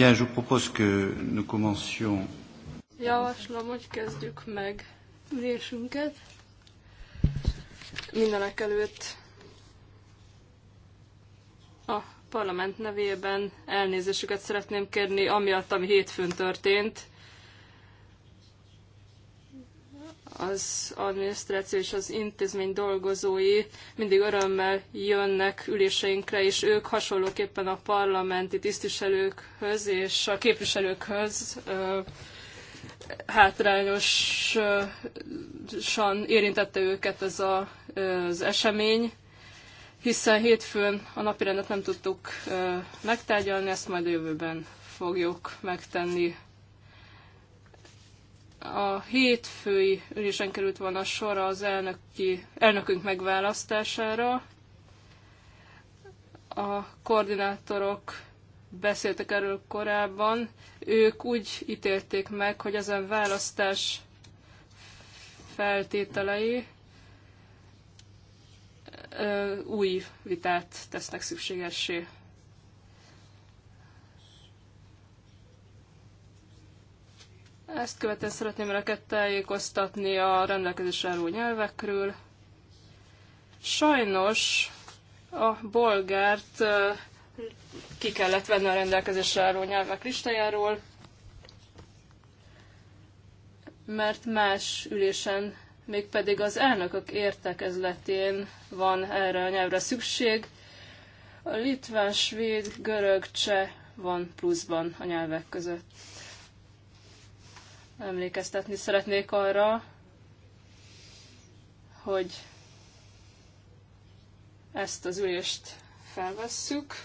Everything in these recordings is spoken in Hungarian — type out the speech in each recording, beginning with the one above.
Bien, je vous propose que nous commencions. Javaslom, hogy kezdjük meg ülésünket. Mindenek előtt a parlament nevében elnézésüket szeretném kérni, amiatt, ami hétfőn történt az adminisztráció és az intézmény dolgozói mindig örömmel jönnek üléseinkre, és ők hasonlóképpen a parlamenti tisztviselőkhöz és a képviselőkhöz hátrányosan érintette őket ez a, az esemény, hiszen hétfőn a napirendet nem tudtuk megtárgyalni, ezt majd a jövőben fogjuk megtenni a hétfői ülésen került volna sor az elnöki, elnökünk megválasztására. A koordinátorok beszéltek erről korábban. Ők úgy ítélték meg, hogy ezen választás feltételei új vitát tesznek szükségessé. Ezt követően szeretném önöket tájékoztatni a rendelkezésre álló nyelvekről. Sajnos a bolgárt ki kellett venni a rendelkezésre álló nyelvek listájáról, mert más ülésen, mégpedig az elnökök értekezletén van erre a nyelvre szükség. A litván, svéd, görög, cseh van pluszban a nyelvek között. Emlékeztetni szeretnék arra, hogy ezt az ülést felvesszük,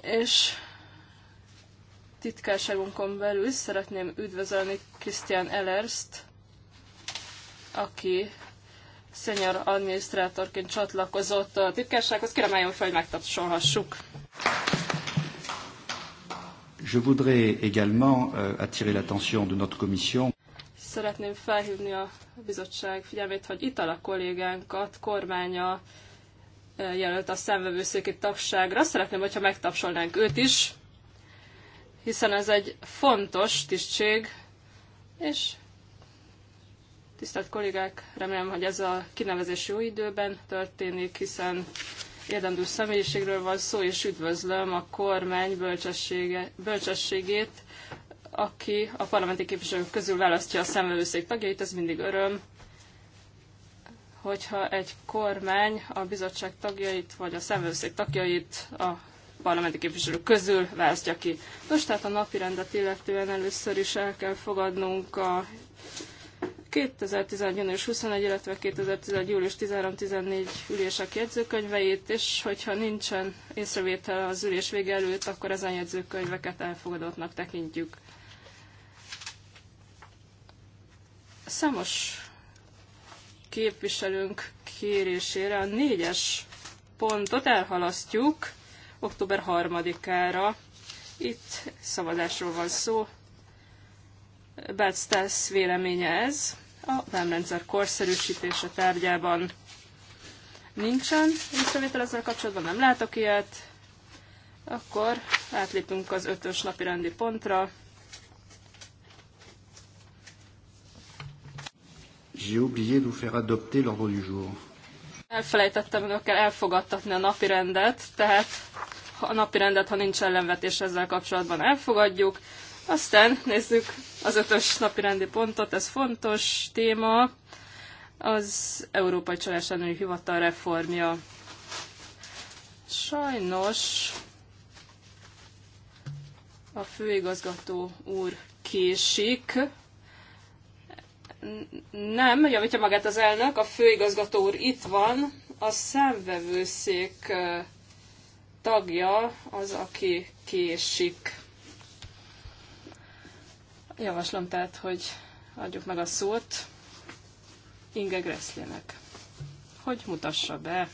és titkárságunkon belül szeretném üdvözölni Christian Ellerst, aki senior adminisztrátorként csatlakozott a titkársághoz. Kérem álljon fel, hogy megtapsolhassuk. Je voudrais également euh, attirer l'attention de notre commission. Szeretném felhívni a bizottság figyelmét, hogy itt a kollégánkat kormánya jelölt a szemvevőszéki tagságra. Szeretném, hogyha megtapsolnánk őt is, hiszen ez egy fontos tisztség, és tisztelt kollégák, remélem, hogy ez a kinevezés jó időben történik, hiszen érdemlő személyiségről van szó, és üdvözlöm a kormány bölcsességét, aki a parlamenti képviselők közül választja a szemlőszék tagjait, ez mindig öröm, hogyha egy kormány a bizottság tagjait, vagy a szemlőszék tagjait a parlamenti képviselők közül választja ki. Most tehát a napi rendet illetően először is el kell fogadnunk a 2011. június 21, illetve 2011. július 13-14 ülések jegyzőkönyveit, és hogyha nincsen észrevétel az ülés vége előtt, akkor ezen jegyzőkönyveket elfogadottnak tekintjük. Számos képviselőnk kérésére a négyes pontot elhalasztjuk október 3-ára. Itt szavazásról van szó, Bud véleménye ez a vámrendszer korszerűsítése tárgyában. Nincsen visszavétel ezzel kapcsolatban, nem látok ilyet. Akkor átlépünk az ötös napi rendi pontra. J'ai oublié de faire adopter l'ordre du jour. Elfelejtettem önökkel elfogadtatni a napi rendet, tehát a napi rendet, ha nincs ellenvetés ezzel kapcsolatban elfogadjuk. Aztán nézzük az ötös napi rendi pontot, ez fontos téma, az Európai Csalás Ellenőri Hivatal reformja. Sajnos a főigazgató úr késik. Nem, javítja magát az elnök, a főigazgató úr itt van, a szemvevőszék tagja az, aki késik. Javaslom tehát, hogy adjuk meg a szót Inge Gresslének, hogy mutassa be.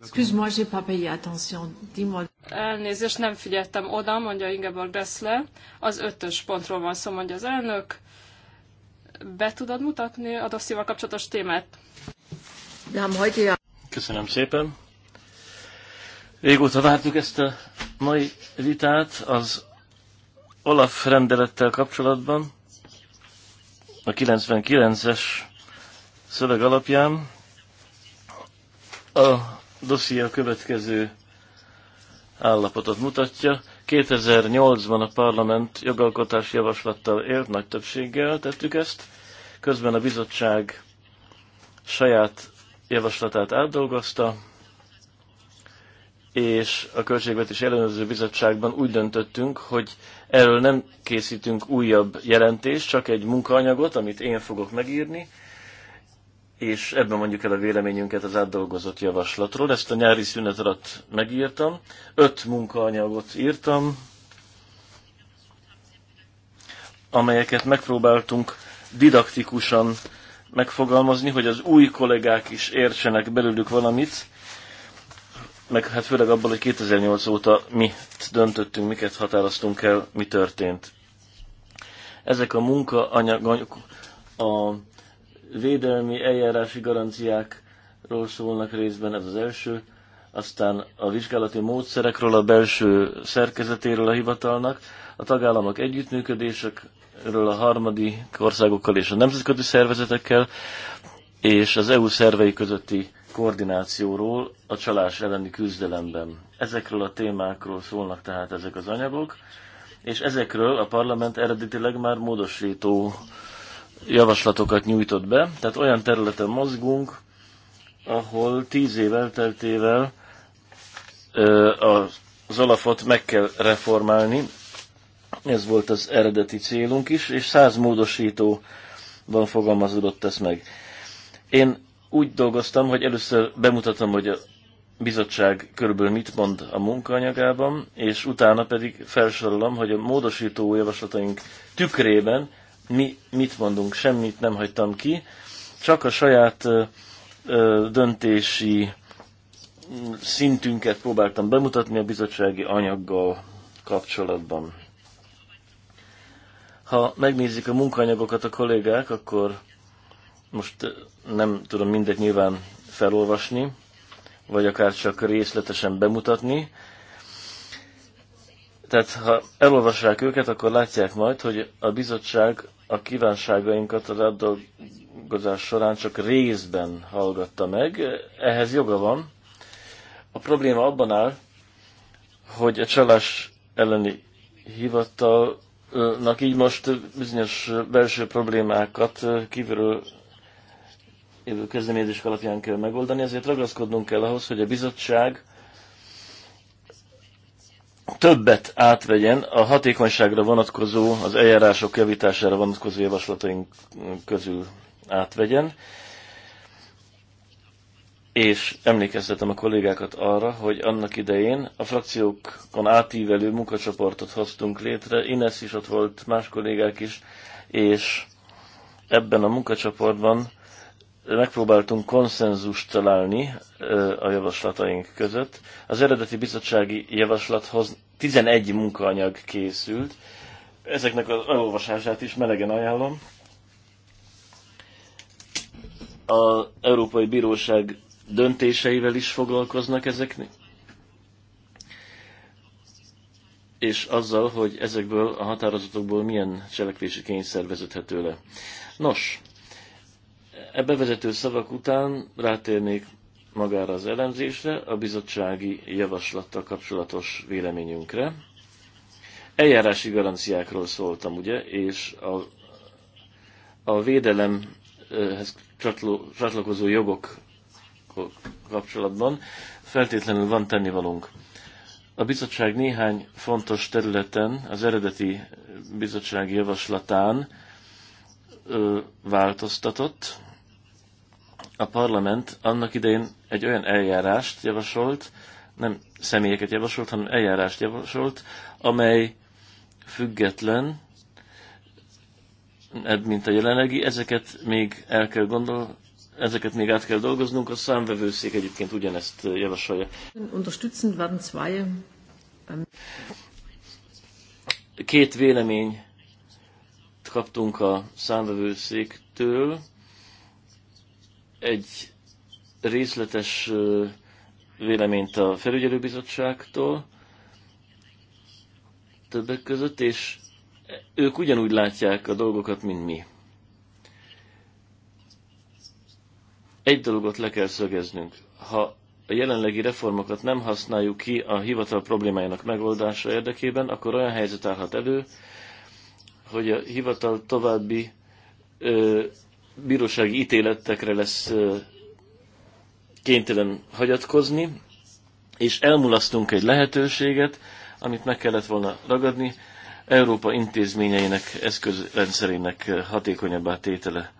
Excuse-moi, j'ai pas payé attention. Dis-moi. Elnézést, nem figyeltem oda, mondja Ingeborg Gressle. Az ötös pontról van szó, mondja az elnök. Be tudod mutatni a dosszival kapcsolatos témát? Köszönöm szépen. Régóta vártuk ezt a mai vitát, az Olaf rendelettel kapcsolatban a 99-es szöveg alapján a dosszia következő állapotot mutatja. 2008-ban a parlament jogalkotási javaslattal élt, nagy többséggel tettük ezt. Közben a bizottság saját javaslatát átdolgozta, és a Költségvetés Ellenőrző Bizottságban úgy döntöttünk, hogy erről nem készítünk újabb jelentést, csak egy munkaanyagot, amit én fogok megírni, és ebben mondjuk el a véleményünket az átdolgozott javaslatról. Ezt a nyári szünet alatt megírtam. Öt munkaanyagot írtam, amelyeket megpróbáltunk didaktikusan megfogalmazni, hogy az új kollégák is értsenek belőlük valamit, meg hát főleg abból, hogy 2008 óta mi döntöttünk, miket határoztunk el, mi történt. Ezek a munkaanyagok, a védelmi eljárási garanciákról szólnak részben, ez az első, aztán a vizsgálati módszerekről, a belső szerkezetéről a hivatalnak, a tagállamok együttműködésekről a harmadik országokkal és a nemzetközi szervezetekkel, és az EU szervei közötti koordinációról a csalás elleni küzdelemben. Ezekről a témákról szólnak tehát ezek az anyagok, és ezekről a parlament eredetileg már módosító javaslatokat nyújtott be, tehát olyan területen mozgunk, ahol tíz év elteltével az alapot meg kell reformálni, ez volt az eredeti célunk is, és száz módosítóban fogalmazódott ezt meg. Én úgy dolgoztam, hogy először bemutatom, hogy a bizottság körülbelül mit mond a munkaanyagában, és utána pedig felsorolom, hogy a módosító javaslataink tükrében mi mit mondunk, semmit nem hagytam ki, csak a saját ö, döntési mm, szintünket próbáltam bemutatni a bizottsági anyaggal kapcsolatban. Ha megnézik a munkaanyagokat a kollégák, akkor most eh, nem tudom mindet nyilván felolvasni, vagy akár csak részletesen bemutatni. Tehát ha elolvassák őket, akkor látják majd, hogy a bizottság a kívánságainkat a átdolgozás során csak részben hallgatta meg. Ehhez joga van. A probléma abban áll, hogy a csalás elleni hivatalnak így most bizonyos belső problémákat kívülről jövő közleményezések alapján kell megoldani, ezért ragaszkodnunk kell ahhoz, hogy a bizottság többet átvegyen a hatékonyságra vonatkozó, az eljárások javítására vonatkozó javaslataink közül átvegyen. És emlékeztetem a kollégákat arra, hogy annak idején a frakciókon átívelő munkacsoportot hoztunk létre, Ines is ott volt, más kollégák is, és ebben a munkacsoportban megpróbáltunk konszenzust találni a javaslataink között. Az eredeti bizottsági javaslathoz 11 munkaanyag készült. Ezeknek az elolvasását is melegen ajánlom. Az Európai Bíróság döntéseivel is foglalkoznak ezek, és azzal, hogy ezekből a határozatokból milyen cselekvési kényszer vezethető le. Nos, E bevezető szavak után rátérnék magára az elemzésre, a bizottsági javaslattal kapcsolatos véleményünkre. Eljárási garanciákról szóltam, ugye, és a, a védelemhez csatlakozó jogok kapcsolatban feltétlenül van tennivalónk. A bizottság néhány fontos területen, az eredeti bizottsági javaslatán ö, változtatott, a parlament annak idején egy olyan eljárást javasolt, nem személyeket javasolt, hanem eljárást javasolt, amely független, mint a jelenlegi, ezeket még el kell gondol, ezeket még át kell dolgoznunk, a számvevőszék egyébként ugyanezt javasolja. Ähm, Két vélemény kaptunk a számvevőszéktől, egy részletes véleményt a felügyelőbizottságtól többek között, és ők ugyanúgy látják a dolgokat, mint mi. Egy dologot le kell szögeznünk. Ha a jelenlegi reformokat nem használjuk ki a hivatal problémájának megoldása érdekében, akkor olyan helyzet állhat elő, hogy a hivatal további ö, bírósági ítéletekre lesz kénytelen hagyatkozni, és elmulasztunk egy lehetőséget, amit meg kellett volna ragadni, Európa intézményeinek, eszközrendszerének hatékonyabbá tétele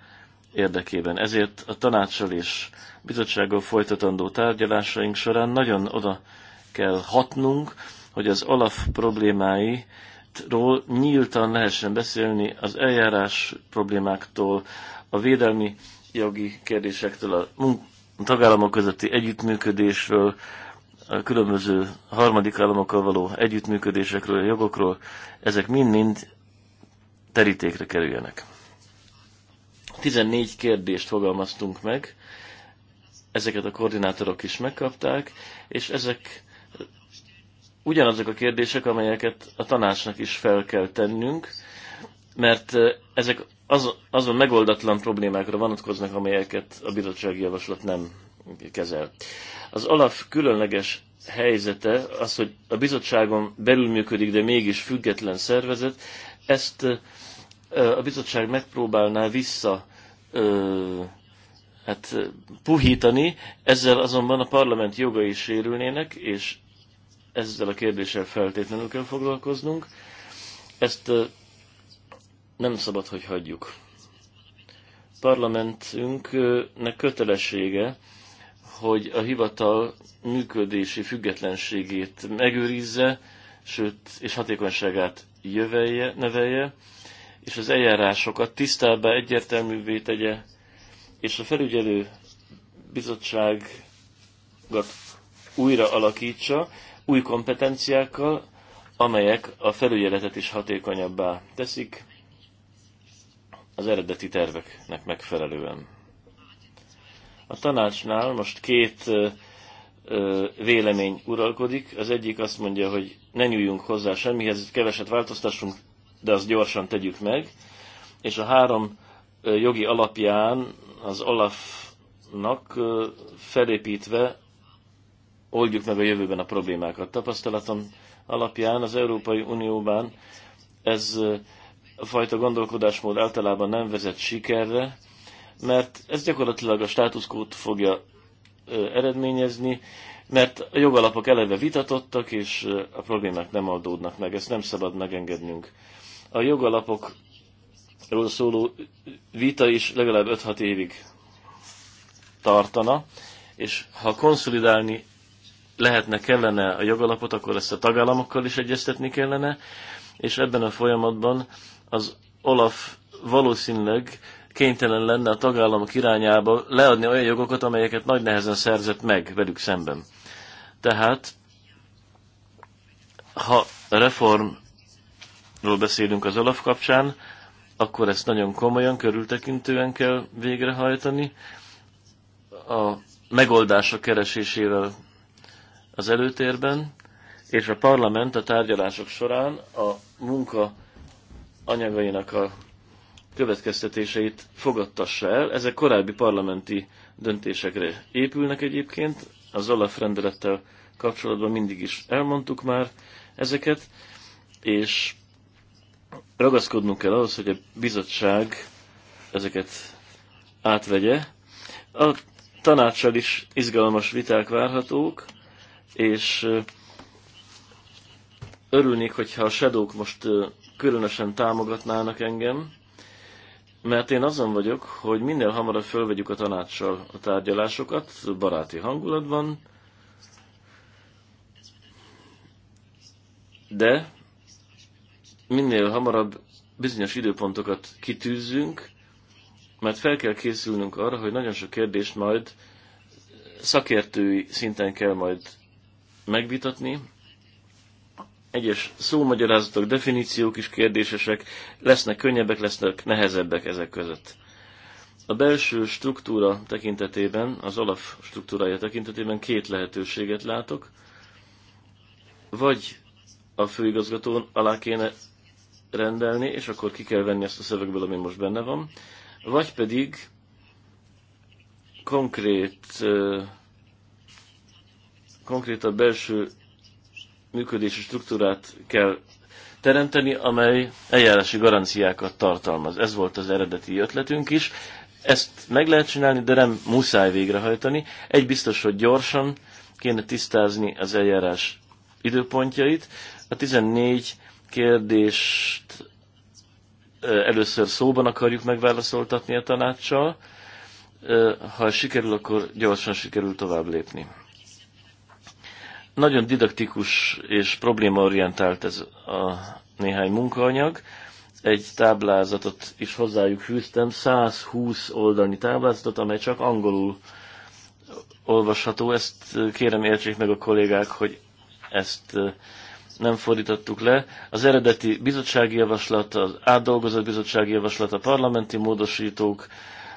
érdekében. Ezért a tanácssal és bizottsággal folytatandó tárgyalásaink során nagyon oda kell hatnunk, hogy az alap problémáiról nyíltan lehessen beszélni, az eljárás problémáktól, a védelmi jogi kérdésektől, a tagállamok közötti együttműködésről, a különböző harmadik államokkal való együttműködésekről, a jogokról, ezek mind-mind terítékre kerüljenek. 14 kérdést fogalmaztunk meg, ezeket a koordinátorok is megkapták, és ezek ugyanazok a kérdések, amelyeket a tanácsnak is fel kell tennünk, mert eh, ezek az, azon megoldatlan problémákra vonatkoznak, amelyeket a bizottsági javaslat nem kezel. Az alap különleges helyzete az, hogy a bizottságon belül működik, de mégis független szervezet, ezt a bizottság megpróbálná vissza hát, puhítani, ezzel azonban a parlament jogai sérülnének, és ezzel a kérdéssel feltétlenül kell foglalkoznunk. Ezt nem szabad, hogy hagyjuk. Parlamentünknek kötelessége, hogy a hivatal működési függetlenségét megőrizze, sőt, és hatékonyságát jövelje, nevelje, és az eljárásokat tisztábbá, egyértelművé tegye, és a felügyelő bizottságot újra alakítsa, új kompetenciákkal, amelyek a felügyeletet is hatékonyabbá teszik, az eredeti terveknek megfelelően. A tanácsnál most két vélemény uralkodik. Az egyik azt mondja, hogy ne nyúljunk hozzá semmihez, keveset változtassunk, de azt gyorsan tegyük meg. És a három jogi alapján az Olafnak felépítve oldjuk meg a jövőben a problémákat. Tapasztalatom alapján az Európai Unióban ez a fajta gondolkodásmód általában nem vezet sikerre, mert ez gyakorlatilag a státuszkót fogja eredményezni, mert a jogalapok eleve vitatottak, és a problémák nem oldódnak meg, ezt nem szabad megengednünk. A jogalapokról szóló vita is legalább 5-6 évig tartana, és ha konszolidálni lehetne, kellene a jogalapot, akkor ezt a tagállamokkal is egyeztetni kellene, és ebben a folyamatban az Olaf valószínűleg kénytelen lenne a tagállamok irányába leadni olyan jogokat, amelyeket nagy nehezen szerzett meg velük szemben. Tehát, ha reformról beszélünk az Olaf kapcsán, akkor ezt nagyon komolyan, körültekintően kell végrehajtani. A megoldások keresésével az előtérben, és a parlament a tárgyalások során a munka anyagainak a következtetéseit fogadtassa el. Ezek korábbi parlamenti döntésekre épülnek egyébként, az Olaf rendelettel kapcsolatban mindig is elmondtuk már ezeket, és ragaszkodnunk kell ahhoz, hogy a bizottság ezeket átvegye. A tanácssal is izgalmas viták várhatók, és örülnék, hogyha a sedók most különösen támogatnának engem, mert én azon vagyok, hogy minél hamarabb fölvegyük a tanácssal a tárgyalásokat, baráti hangulatban, de minél hamarabb bizonyos időpontokat kitűzzünk, mert fel kell készülnünk arra, hogy nagyon sok kérdést majd szakértői szinten kell majd megvitatni, egyes szómagyarázatok, definíciók is kérdésesek, lesznek könnyebbek, lesznek nehezebbek ezek között. A belső struktúra tekintetében, az alap struktúrája tekintetében két lehetőséget látok. Vagy a főigazgatón alá kéne rendelni, és akkor ki kell venni ezt a szövegből, ami most benne van, vagy pedig konkrét, konkrét a belső működési struktúrát kell teremteni, amely eljárási garanciákat tartalmaz. Ez volt az eredeti ötletünk is. Ezt meg lehet csinálni, de nem muszáj végrehajtani. Egy biztos, hogy gyorsan kéne tisztázni az eljárás időpontjait. A 14 kérdést először szóban akarjuk megválaszoltatni a tanácssal. Ha sikerül, akkor gyorsan sikerül tovább lépni. Nagyon didaktikus és problémaorientált ez a néhány munkaanyag. Egy táblázatot is hozzájuk hűztem, 120 oldalnyi táblázatot, amely csak angolul olvasható. Ezt kérem értsék meg a kollégák, hogy ezt nem fordítottuk le. Az eredeti bizottsági javaslat, az átdolgozott bizottsági javaslat, a parlamenti módosítók,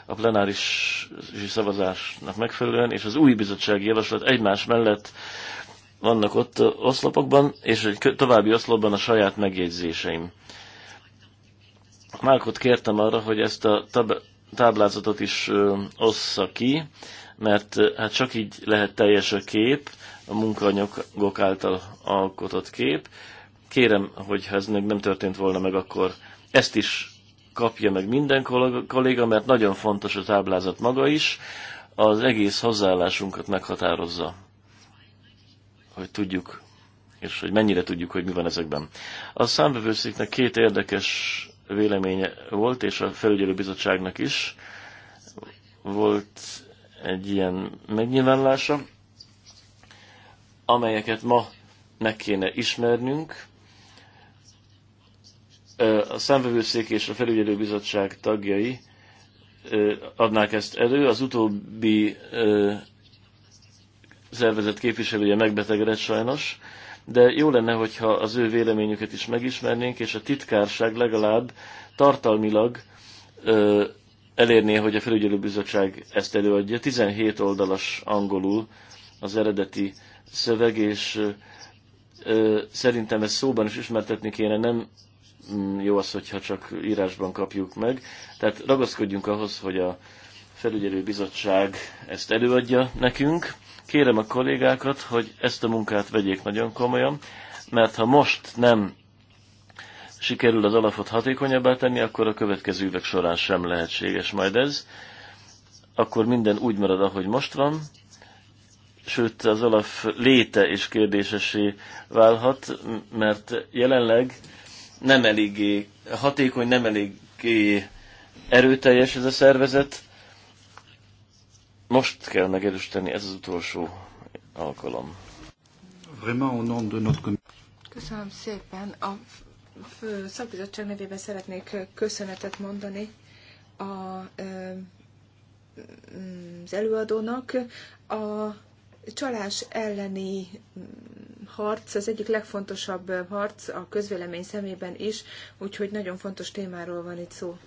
a plenáris szavazásnak megfelelően, és az új bizottsági javaslat egymás mellett vannak ott oszlopokban, és egy további oszlopban a saját megjegyzéseim. Márkot kértem arra, hogy ezt a táblázatot is ossza ki, mert hát csak így lehet teljes a kép, a munkanyagok által alkotott kép. Kérem, hogy ha ez még nem történt volna meg, akkor ezt is kapja meg minden kolléga, mert nagyon fontos a táblázat maga is, az egész hozzáállásunkat meghatározza hogy tudjuk, és hogy mennyire tudjuk, hogy mi van ezekben. A számbevőszéknek két érdekes véleménye volt, és a felügyelőbizottságnak is volt egy ilyen megnyilvánulása, amelyeket ma meg kéne ismernünk. A számvevőszék és a felügyelőbizottság tagjai adnák ezt elő. Az utóbbi szervezet képviselője megbetegedett sajnos, de jó lenne, hogyha az ő véleményüket is megismernénk, és a titkárság legalább tartalmilag ö, elérné, hogy a felügyelőbizottság ezt előadja. 17 oldalas angolul az eredeti szöveg, és ö, szerintem ezt szóban is ismertetni kéne, nem mm, jó az, hogyha csak írásban kapjuk meg. Tehát ragaszkodjunk ahhoz, hogy a felügyelőbizottság ezt előadja nekünk, Kérem a kollégákat, hogy ezt a munkát vegyék nagyon komolyan, mert ha most nem sikerül az alapot hatékonyabbá tenni, akkor a következő évek során sem lehetséges majd ez. Akkor minden úgy marad, ahogy most van, sőt az alap léte is kérdésesé válhat, mert jelenleg nem eléggé hatékony, nem eléggé erőteljes ez a szervezet, most kell megerősíteni, ez az utolsó alkalom. Köszönöm szépen. A fő szakbizottság nevében szeretnék köszönetet mondani a, mm, az előadónak. A csalás elleni harc az egyik legfontosabb harc a közvélemény szemében is, úgyhogy nagyon fontos témáról van itt szó.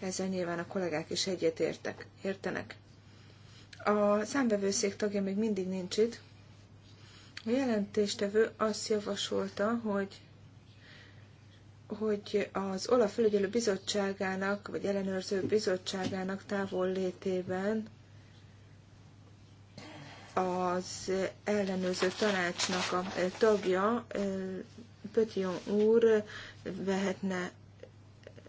Ezzel nyilván a kollégák is egyetértek, értenek. A számvevőszék tagja még mindig nincs itt. A jelentéstevő azt javasolta, hogy hogy az OLAF Fölügyelő bizottságának, vagy ellenőrző bizottságának távol létében az ellenőrző tanácsnak a tagja, eh, Pötyon úr vehetne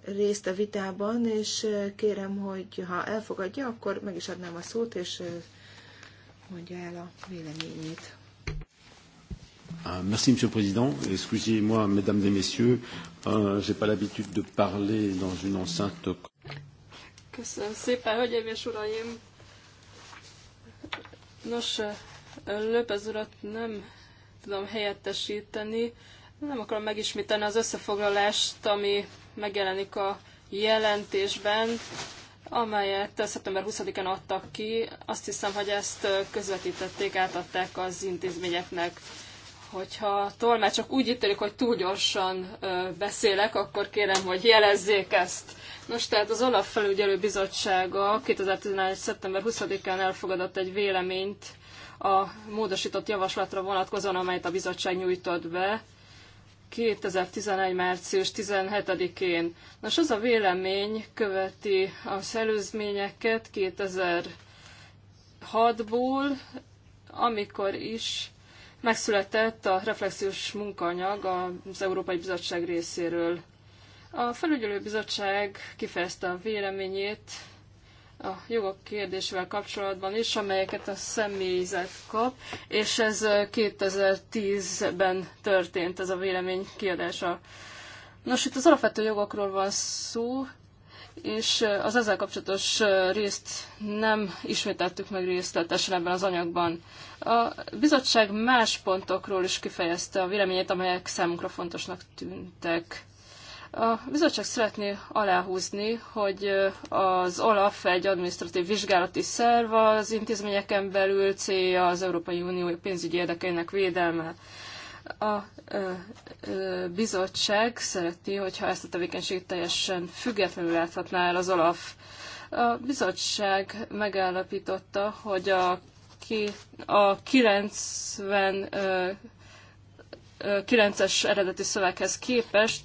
részt a vitában, és kérem, hogy ha elfogadja, akkor meg is adnám a szót, és mondja el a véleményét. Ah, merci, Monsieur le Président. Excusez-moi, Mesdames et Messieurs, euh, j'ai pas l'habitude de parler dans une enceinte. Köszönöm szépen, hölgyeim és uraim! Nos, Löpez urat nem tudom helyettesíteni. Nem akarom megismételni az összefoglalást, ami megjelenik a jelentésben, amelyet szeptember 20-án adtak ki. Azt hiszem, hogy ezt közvetítették, átadták az intézményeknek. Hogyha tolmácsok úgy ítélik, hogy túl gyorsan beszélek, akkor kérem, hogy jelezzék ezt. Nos, tehát az Olaf felügyelő bizottsága 2011. szeptember 20-án elfogadott egy véleményt a módosított javaslatra vonatkozóan, amelyet a bizottság nyújtott be 2011. március 17-én. Nos, az a vélemény követi az előzményeket 2006-ból, amikor is megszületett a reflexiós munkanyag az Európai Bizottság részéről. A felügyelő bizottság kifejezte a véleményét a jogok kérdésével kapcsolatban is, amelyeket a személyzet kap, és ez 2010-ben történt ez a vélemény kiadása. Nos, itt az alapvető jogokról van szó, és az ezzel kapcsolatos részt nem ismételtük meg részletesen ebben az anyagban. A bizottság más pontokról is kifejezte a véleményét, amelyek számunkra fontosnak tűntek. A bizottság szeretné aláhúzni, hogy az OLAF egy administratív vizsgálati szerv az intézményeken belül célja az Európai Unió pénzügyi érdekeinek védelme. A ö, ö, bizottság szereti, hogyha ezt a tevékenységet teljesen függetlenül láthatná el az OLAF. A bizottság megállapította, hogy a, ki, a 90 ö, 9-es eredeti szöveghez képest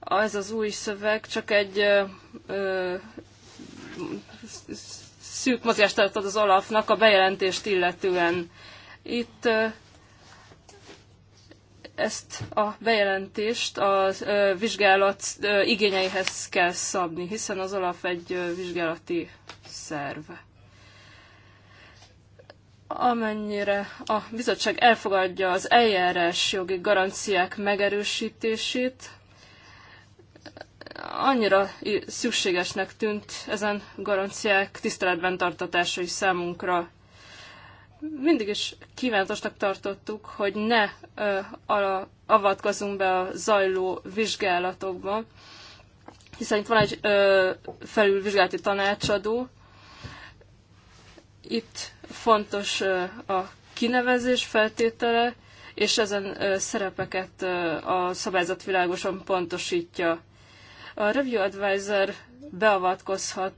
az az új szöveg csak egy ö, ö, szűk mozgást ad az alapnak a bejelentést illetően. Itt ö, ezt a bejelentést a vizsgálat igényeihez kell szabni, hiszen az alap egy vizsgálati szerv. Amennyire a bizottság elfogadja az eljárás jogi garanciák megerősítését, annyira szükségesnek tűnt ezen garanciák tiszteletben tartatása is számunkra. Mindig is kívánatosnak tartottuk, hogy ne avatkozunk be a zajló vizsgálatokba, hiszen itt van egy ö, felülvizsgálati tanácsadó. Itt fontos ö, a kinevezés feltétele, és ezen ö, szerepeket ö, a szabályzat világosan pontosítja. A Review Advisor beavatkozhat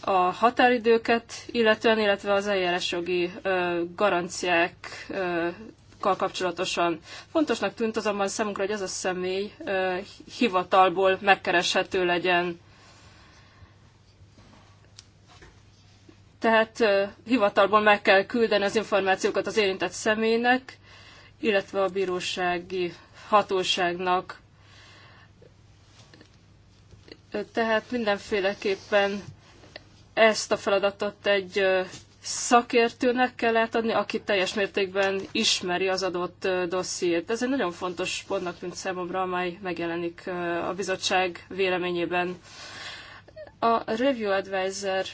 a határidőket, illetően, illetve az jogi garanciákkal kapcsolatosan. Fontosnak tűnt azonban számunkra, hogy ez a személy hivatalból megkereshető legyen. Tehát hivatalból meg kell küldeni az információkat az érintett személynek, illetve a bírósági hatóságnak. Tehát mindenféleképpen ezt a feladatot egy szakértőnek kell átadni, aki teljes mértékben ismeri az adott dossziét. Ez egy nagyon fontos pontnak mint számomra, amely megjelenik a bizottság véleményében. A Review Advisor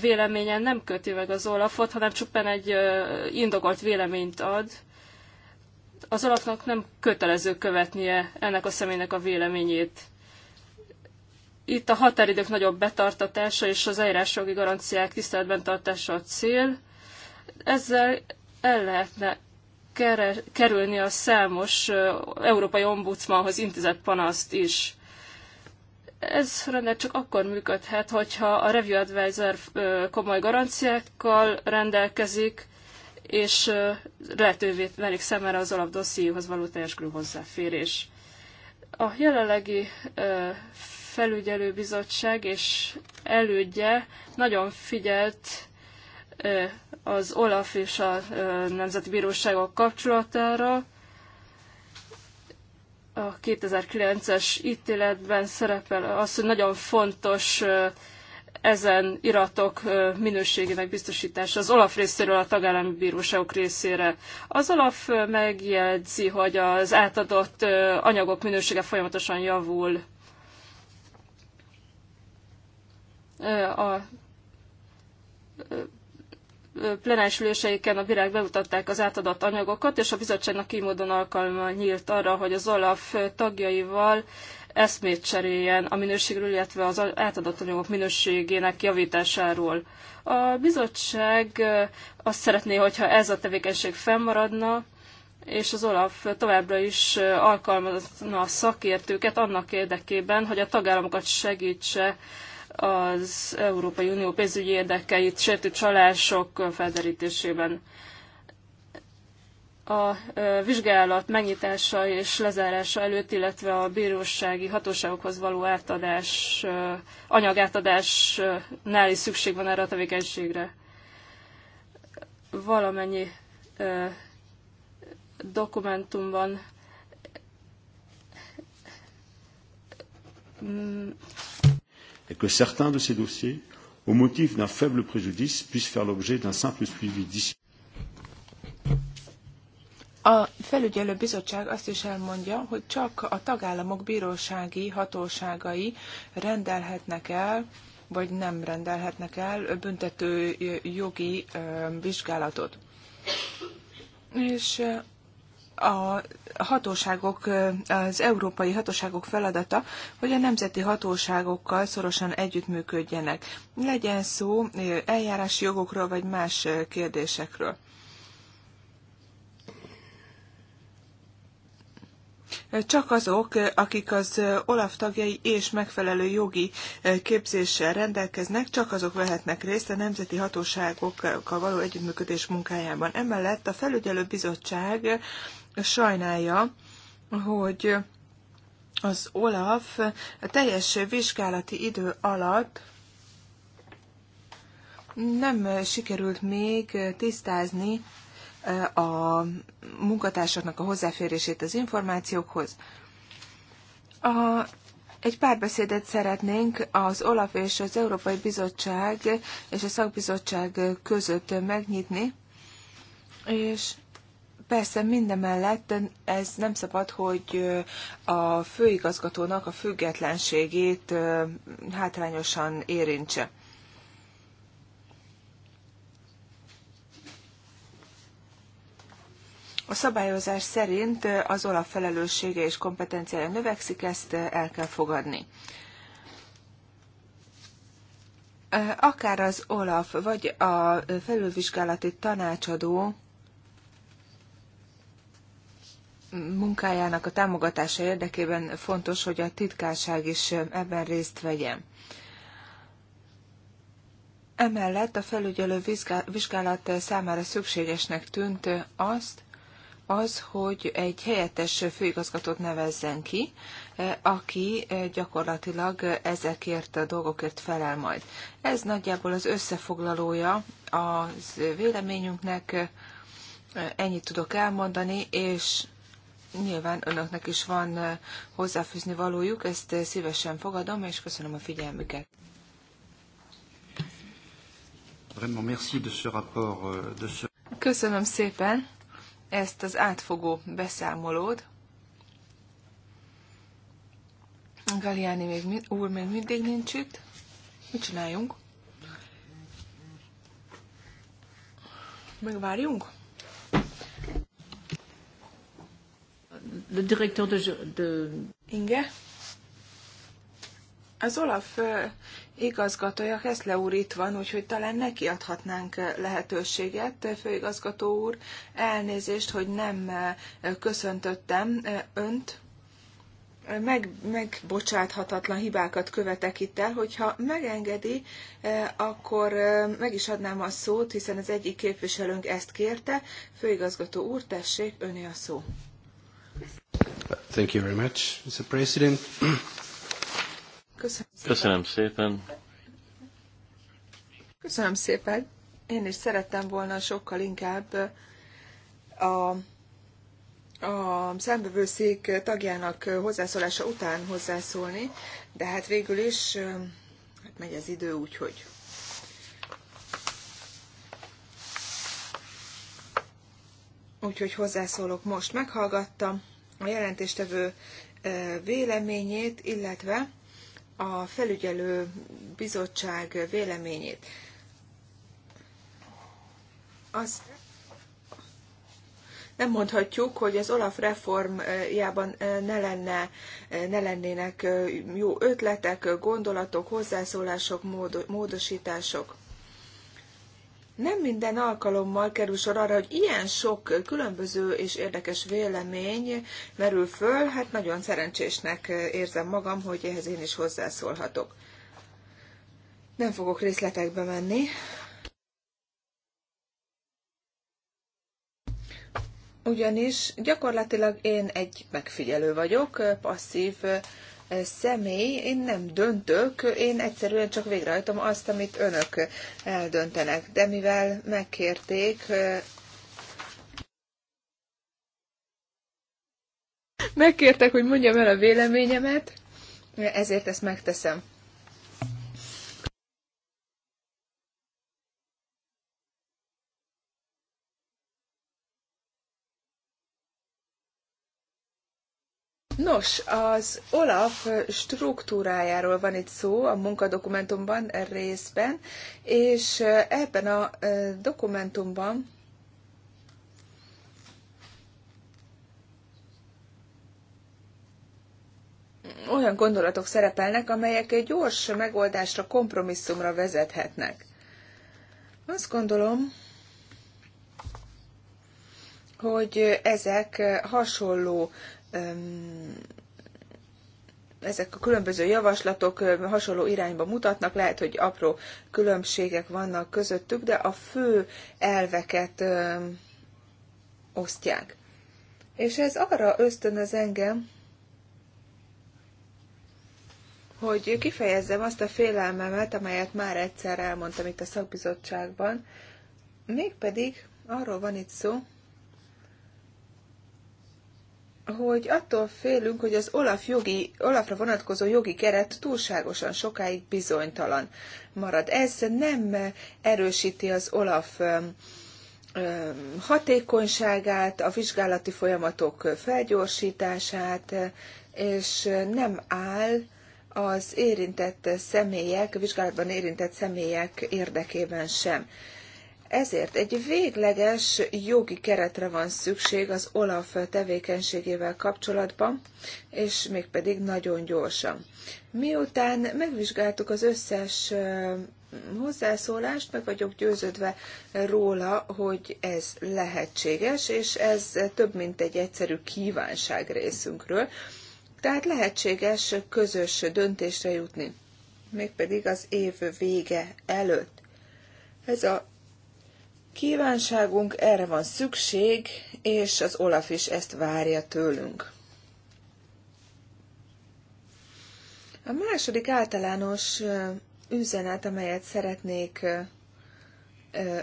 véleménye nem köti meg az Olafot, hanem csupán egy indokolt véleményt ad. Az Olafnak nem kötelező követnie ennek a személynek a véleményét. Itt a határidők nagyobb betartatása és az eljárásjogi garanciák tiszteletben tartása a cél. Ezzel el lehetne kerülni a számos európai ombudsmanhoz intézett panaszt is. Ez rendel csak akkor működhet, hogyha a Review Advisor komoly garanciákkal rendelkezik, és lehetővé válik számára az alapdossziéhoz való teljes körű hozzáférés. A jelenlegi felügyelő bizottság és elődje nagyon figyelt az OLAF és a Nemzeti Bíróságok kapcsolatára. A 2009-es ítéletben szerepel az, hogy nagyon fontos ezen iratok minőségének biztosítása az Olaf részéről a tagállami bíróságok részére. Az Olaf megjegyzi, hogy az átadott anyagok minősége folyamatosan javul. a plenáris üléseiken a virág bemutatták az átadott anyagokat, és a bizottságnak így módon alkalma nyílt arra, hogy az OLAF tagjaival eszmét cseréljen a minőségről, illetve az átadott anyagok minőségének javításáról. A bizottság azt szeretné, hogyha ez a tevékenység fennmaradna, és az OLAF továbbra is alkalmazna a szakértőket annak érdekében, hogy a tagállamokat segítse az Európai Unió pénzügyi érdekeit sértő csalások felderítésében. A vizsgálat megnyitása és lezárása előtt, illetve a bírósági hatóságokhoz való átadás, anyagátadásnál is szükség van erre a tevékenységre. Valamennyi dokumentumban et que certains de ces dossiers, au motif d'un faible préjudice, puissent faire l'objet d'un simple suivi d'ici. A felügyelő bizottság azt is elmondja, hogy csak a tagállamok bírósági hatóságai rendelhetnek el, vagy nem rendelhetnek el büntető jogi vizsgálatot. És a hatóságok, az európai hatóságok feladata, hogy a nemzeti hatóságokkal szorosan együttműködjenek. Legyen szó eljárási jogokról vagy más kérdésekről. Csak azok, akik az OLAF tagjai és megfelelő jogi képzéssel rendelkeznek, csak azok vehetnek részt a nemzeti hatóságokkal való együttműködés munkájában. Emellett a felügyelő bizottság sajnálja, hogy az Olaf a teljes vizsgálati idő alatt nem sikerült még tisztázni eh, a munkatársaknak a hozzáférését az információkhoz. A, egy beszédet szeretnénk az OLAF és az Európai Bizottság és a Szakbizottság között megnyitni, és Persze mindemellett ez nem szabad, hogy a főigazgatónak a függetlenségét hátrányosan érintse. A szabályozás szerint az olaf felelőssége és kompetenciája növekszik, ezt el kell fogadni. Akár az olaf, vagy a felülvizsgálati tanácsadó munkájának a támogatása érdekében fontos, hogy a titkárság is ebben részt vegyen. Emellett a felügyelő vizsgálat számára szükségesnek tűnt azt, az, hogy egy helyettes főigazgatót nevezzen ki, aki gyakorlatilag ezekért a dolgokért felel majd. Ez nagyjából az összefoglalója az véleményünknek, ennyit tudok elmondani, és Nyilván önöknek is van hozzáfűzni valójuk, ezt szívesen fogadom, és köszönöm a figyelmüket. Euh, köszönöm szépen ezt az átfogó beszámolót. Galiani még, úr még mindig nincs itt. Mit csináljunk? Megvárjunk? le directeur de, de... Inge? Az Olaf igazgatója, Keszle úr itt van, úgyhogy talán neki adhatnánk lehetőséget. Főigazgató úr, elnézést, hogy nem köszöntöttem önt. Meg, megbocsáthatatlan hibákat követek itt el, hogyha megengedi, akkor meg is adnám a szót, hiszen az egyik képviselőnk ezt kérte. Főigazgató úr, tessék, öné a szó. Thank you very much, Mr. President. Köszönöm szépen. Köszönöm szépen. Én is szerettem volna sokkal inkább a a szembevőszék tagjának hozzászólása után hozzászólni, de hát végül is hát megy az idő, úgy hogy. Úgyhogy hozzászólok most. Meghallgattam a jelentéstevő véleményét, illetve a felügyelő bizottság véleményét. Az nem mondhatjuk, hogy az Olaf reformjában ne, lenne, ne lennének jó ötletek, gondolatok, hozzászólások, módosítások nem minden alkalommal kerül sor arra, hogy ilyen sok különböző és érdekes vélemény merül föl, hát nagyon szerencsésnek érzem magam, hogy ehhez én is hozzászólhatok. Nem fogok részletekbe menni. Ugyanis gyakorlatilag én egy megfigyelő vagyok, passzív személy, én nem döntök, én egyszerűen csak végrehajtom azt, amit önök eldöntenek. De mivel megkérték, megkértek, hogy mondjam el a véleményemet, ezért ezt megteszem. Nos, az Olaf struktúrájáról van itt szó a munkadokumentumban részben, és ebben a dokumentumban olyan gondolatok szerepelnek, amelyek egy gyors megoldásra, kompromisszumra vezethetnek. Azt gondolom, hogy ezek hasonló ezek a különböző javaslatok hasonló irányba mutatnak, lehet, hogy apró különbségek vannak közöttük, de a fő elveket osztják. És ez arra ösztönöz engem, hogy kifejezzem azt a félelmemet, amelyet már egyszer elmondtam itt a szakbizottságban, mégpedig arról van itt szó, hogy attól félünk, hogy az Olaf jogi, Olafra vonatkozó jogi keret túlságosan sokáig bizonytalan marad. Ez nem erősíti az Olaf hatékonyságát, a vizsgálati folyamatok felgyorsítását, és nem áll az érintett személyek, vizsgálatban érintett személyek érdekében sem. Ezért egy végleges jogi keretre van szükség az OLAF tevékenységével kapcsolatban, és mégpedig nagyon gyorsan. Miután megvizsgáltuk az összes hozzászólást, meg vagyok győződve róla, hogy ez lehetséges, és ez több mint egy egyszerű kívánság részünkről. Tehát lehetséges közös döntésre jutni, mégpedig az év vége előtt. Ez a Kívánságunk erre van szükség, és az Olaf is ezt várja tőlünk. A második általános üzenet, amelyet szeretnék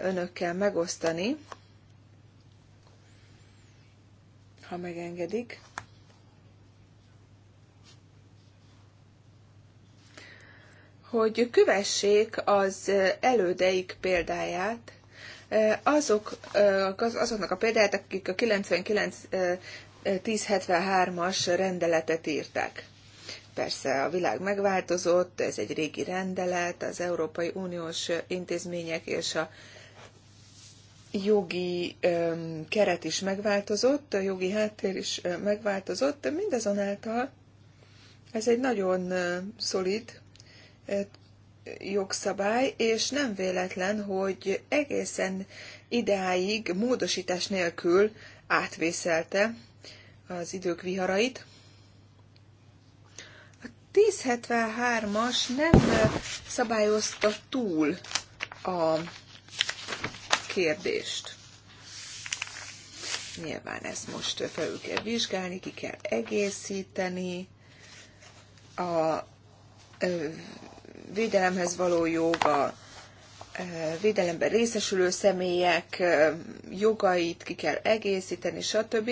önökkel megosztani, ha megengedik. hogy kövessék az elődeik példáját, Eh, azok, eh, azoknak a példáját, akik a 99 1073-as eh, rendeletet írták. Persze a világ megváltozott, ez egy régi rendelet, az Európai Uniós intézmények és a jogi keret is megváltozott, a jogi háttér is megváltozott, mindazonáltal ez egy nagyon szolid jogszabály, és nem véletlen, hogy egészen ideáig módosítás nélkül átvészelte az idők viharait. A 1073-as nem szabályozta túl a kérdést. Nyilván ezt most felül kell vizsgálni, ki kell egészíteni, a védelemhez való jog, a védelemben részesülő személyek jogait ki kell egészíteni, stb.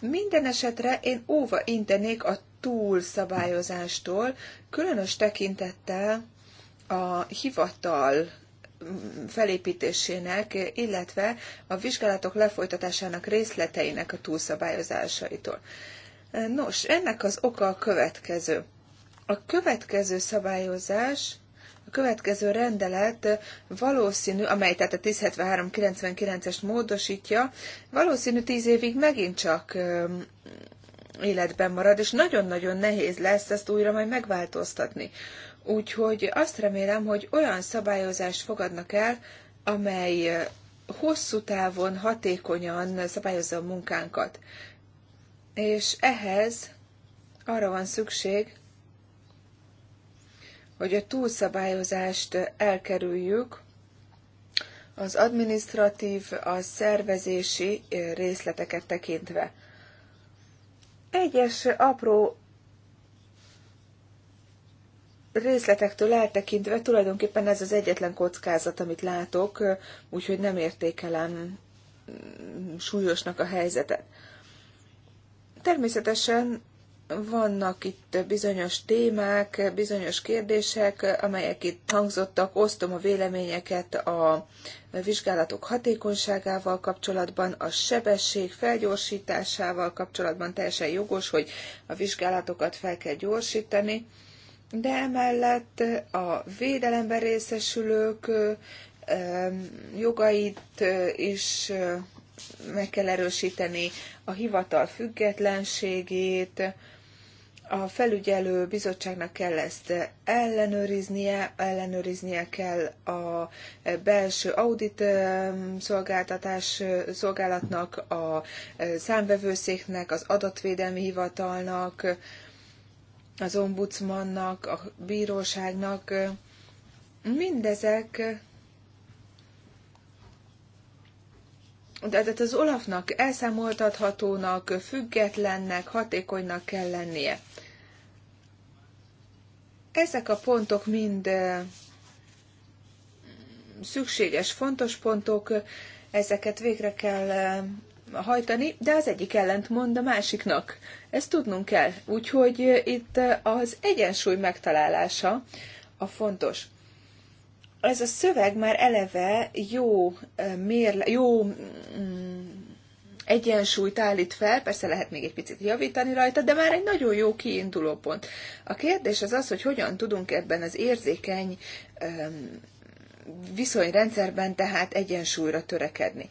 Minden esetre én óva intenék a túlszabályozástól, különös tekintettel a hivatal mm, felépítésének, illetve a vizsgálatok lefolytatásának részleteinek a túlszabályozásaitól. Nos, ennek az oka a következő. A következő szabályozás, a következő rendelet valószínű, amely tehát a 1073-99-est módosítja, valószínű tíz évig megint csak életben marad, és nagyon-nagyon nehéz lesz ezt újra majd megváltoztatni. Úgyhogy azt remélem, hogy olyan szabályozást fogadnak el, amely hosszú távon hatékonyan szabályozza a munkánkat. És ehhez arra van szükség, hogy a túlszabályozást elkerüljük, az administratív, a szervezési részleteket tekintve. Egyes apró részletektől eltekintve tulajdonképpen ez az egyetlen kockázat, amit látok, úgyhogy nem értékelem mm, súlyosnak a helyzetet. Természetesen vannak itt bizonyos témák, bizonyos kérdések, amelyek itt hangzottak, osztom a véleményeket a vizsgálatok hatékonyságával kapcsolatban, a sebesség felgyorsításával kapcsolatban teljesen jogos, hogy a vizsgálatokat fel kell gyorsítani, de emellett a védelemben részesülők jogait is meg kell erősíteni, a hivatal függetlenségét, a felügyelő bizottságnak kell ezt ellenőriznie, ellenőriznie kell a belső audit szolgáltatás szolgálatnak, a számvevőszéknek, az adatvédelmi hivatalnak, az ombudsmannak, a bíróságnak. Mindezek tehát az Olafnak elszámoltathatónak, függetlennek, hatékonynak kell lennie. Ezek a pontok mind szükséges, fontos pontok, ezeket végre kell hajtani, de az egyik ellent mond a másiknak. Ezt tudnunk kell. Úgyhogy itt az egyensúly megtalálása a fontos ez a szöveg már eleve jó, mérle, jó mm, egyensúlyt állít fel, persze lehet még egy picit javítani rajta, de már egy nagyon jó kiinduló pont. A kérdés az az, hogy hogyan tudunk ebben az érzékeny viszonyrendszerben tehát egyensúlyra törekedni.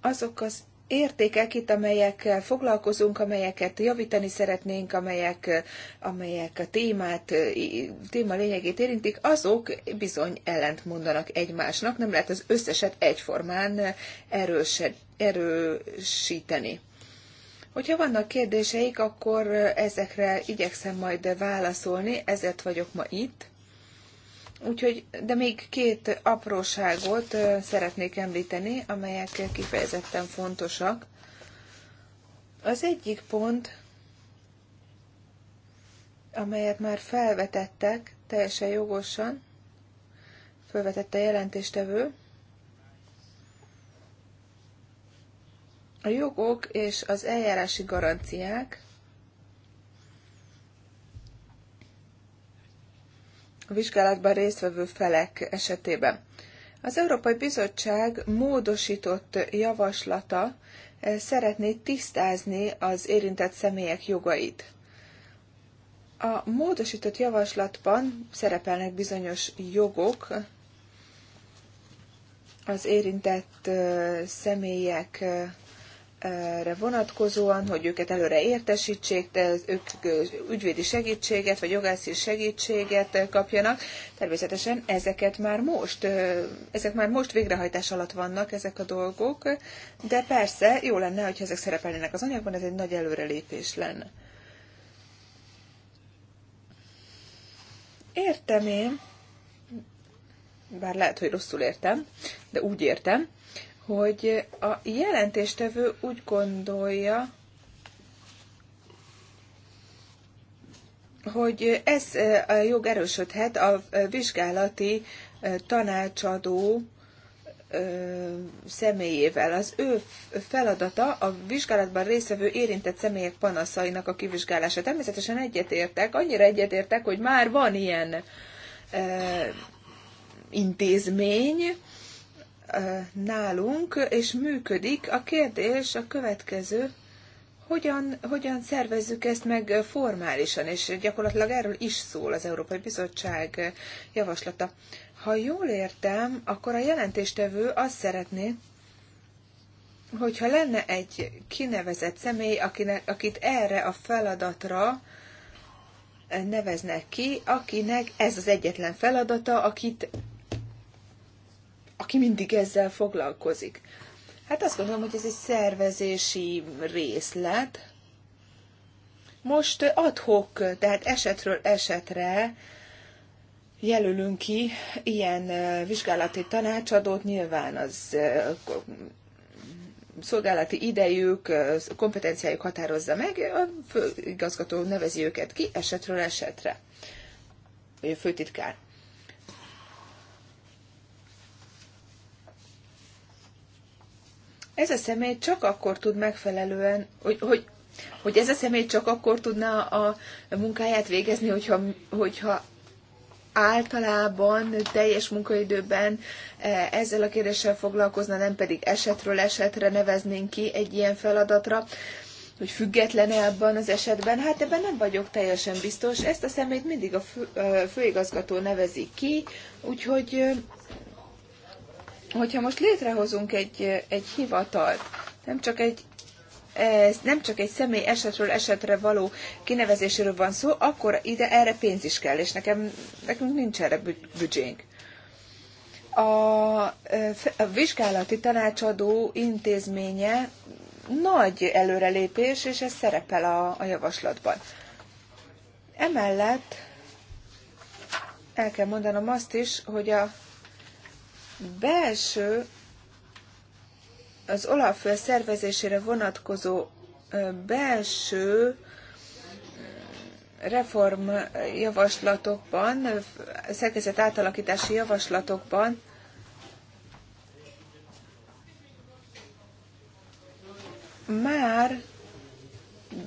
Azok az értékek itt, amelyekkel foglalkozunk, amelyeket javítani szeretnénk, amelyek, amelyek a témát, téma lényegét érintik, azok bizony ellent mondanak egymásnak, nem lehet az összeset egyformán erőse, erősíteni. Hogyha vannak kérdéseik, akkor ezekre igyekszem majd válaszolni, ezért vagyok ma itt. Úgyhogy, de még két apróságot szeretnék említeni, amelyek kifejezetten fontosak. Az egyik pont, amelyet már felvetettek, teljesen jogosan, felvetette jelentéstevő, a jogok és az eljárási garanciák, vizsgálatban résztvevő felek esetében. Az Európai Bizottság módosított javaslata eh, szeretné tisztázni az érintett személyek jogait. A módosított javaslatban szerepelnek bizonyos jogok az érintett eh, személyek eh, ügyvédekre vonatkozóan, hogy őket előre értesítsék, de ők ügyvédi segítséget vagy jogászi segítséget kapjanak. Természetesen ezeket már most, ezek már most végrehajtás alatt vannak ezek a dolgok, de persze jó lenne, hogyha ezek szerepelnének az anyagban, ez egy nagy előrelépés lenne. Értem én, bár lehet, hogy rosszul értem, de úgy értem, hogy a jelentéstevő úgy gondolja, hogy ez a jog erősödhet a vizsgálati tanácsadó személyével. Az ő feladata a vizsgálatban résztvevő érintett személyek panaszainak a kivizsgálása. Természetesen egyetértek, annyira egyetértek, hogy már van ilyen intézmény, nálunk, és működik. A kérdés a következő, hogyan, hogyan szervezzük ezt meg formálisan, és gyakorlatilag erről is szól az Európai Bizottság javaslata. Ha jól értem, akkor a jelentéstevő azt szeretné, hogyha lenne egy kinevezett személy, akinek, akit erre a feladatra neveznek ki, akinek ez az egyetlen feladata, akit aki mindig ezzel foglalkozik. Hát azt gondolom, hogy ez egy szervezési részlet. Most adhok, tehát esetről esetre jelölünk ki ilyen vizsgálati tanácsadót, nyilván az szolgálati idejük, kompetenciájuk határozza meg, a főigazgató nevezi őket ki esetről esetre, vagy a főtitkár. ez a személy csak akkor tud megfelelően, hogy, hogy, hogy ez a személy csak akkor tudna a munkáját végezni, hogyha, hogyha általában teljes munkaidőben e, ezzel a kérdéssel foglalkozna, nem pedig esetről esetre neveznénk ki egy ilyen feladatra, hogy független -e abban az esetben. Hát ebben nem vagyok teljesen biztos. Ezt a szemét mindig a fő, e, főigazgató nevezi ki, úgyhogy hogyha most létrehozunk egy, egy hivatalt, nem csak egy ez nem csak egy személy esetről esetre való kinevezéséről van szó, akkor ide erre pénz is kell, és nekem, nekünk nincs erre büdzsénk. A, a vizsgálati tanácsadó intézménye nagy előrelépés, és ez szerepel a, a javaslatban. Emellett el kell mondanom azt is, hogy a belső az Olaf szervezésére vonatkozó belső reformjavaslatokban, szerkezet átalakítási javaslatokban már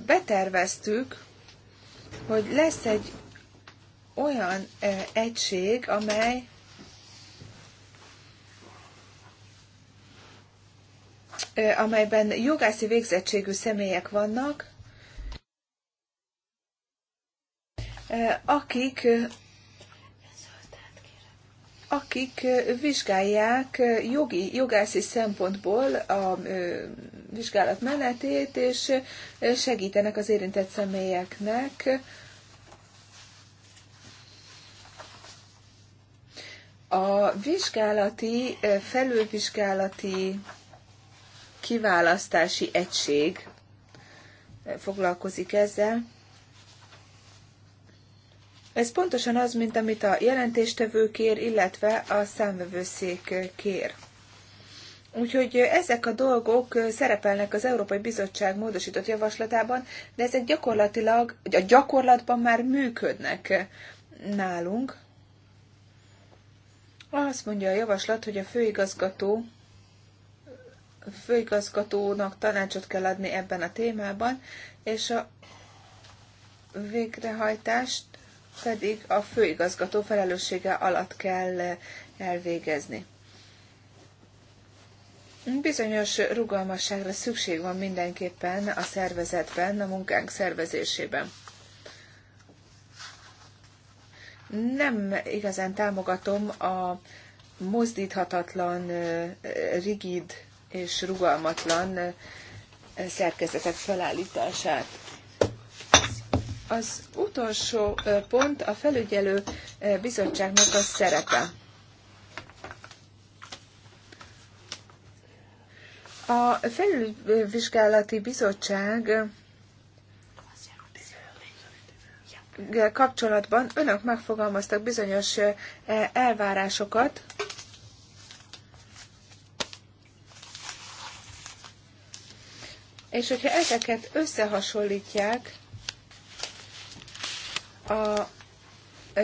beterveztük, hogy lesz egy olyan egység, amely amelyben jogászi végzettségű személyek vannak, akik akik vizsgálják jogi, jogászi szempontból a vizsgálat menetét, és segítenek az érintett személyeknek a vizsgálati, felülvizsgálati kiválasztási egység foglalkozik ezzel. Ez pontosan az, mint amit a jelentéstevő kér, illetve a számvevőszék kér. Úgyhogy ezek a dolgok szerepelnek az Európai Bizottság módosított javaslatában, de ezek gyakorlatilag, a gyakorlatban már működnek nálunk. Azt mondja a javaslat, hogy a főigazgató főigazgatónak tanácsot kell adni ebben a témában, és a végrehajtást pedig a főigazgató felelőssége alatt kell elvégezni. Bizonyos rugalmasságra szükség van mindenképpen a szervezetben, a munkánk szervezésében. Nem igazán támogatom a mozdíthatatlan, rigid és rugalmatlan eh, szerkezetek felállítását. Az utolsó eh, pont a felügyelő eh, bizottságnak a szerepe. A felülvizsgálati bizottság kapcsolatban önök megfogalmaztak bizonyos elvárásokat, És hogyha ezeket összehasonlítják a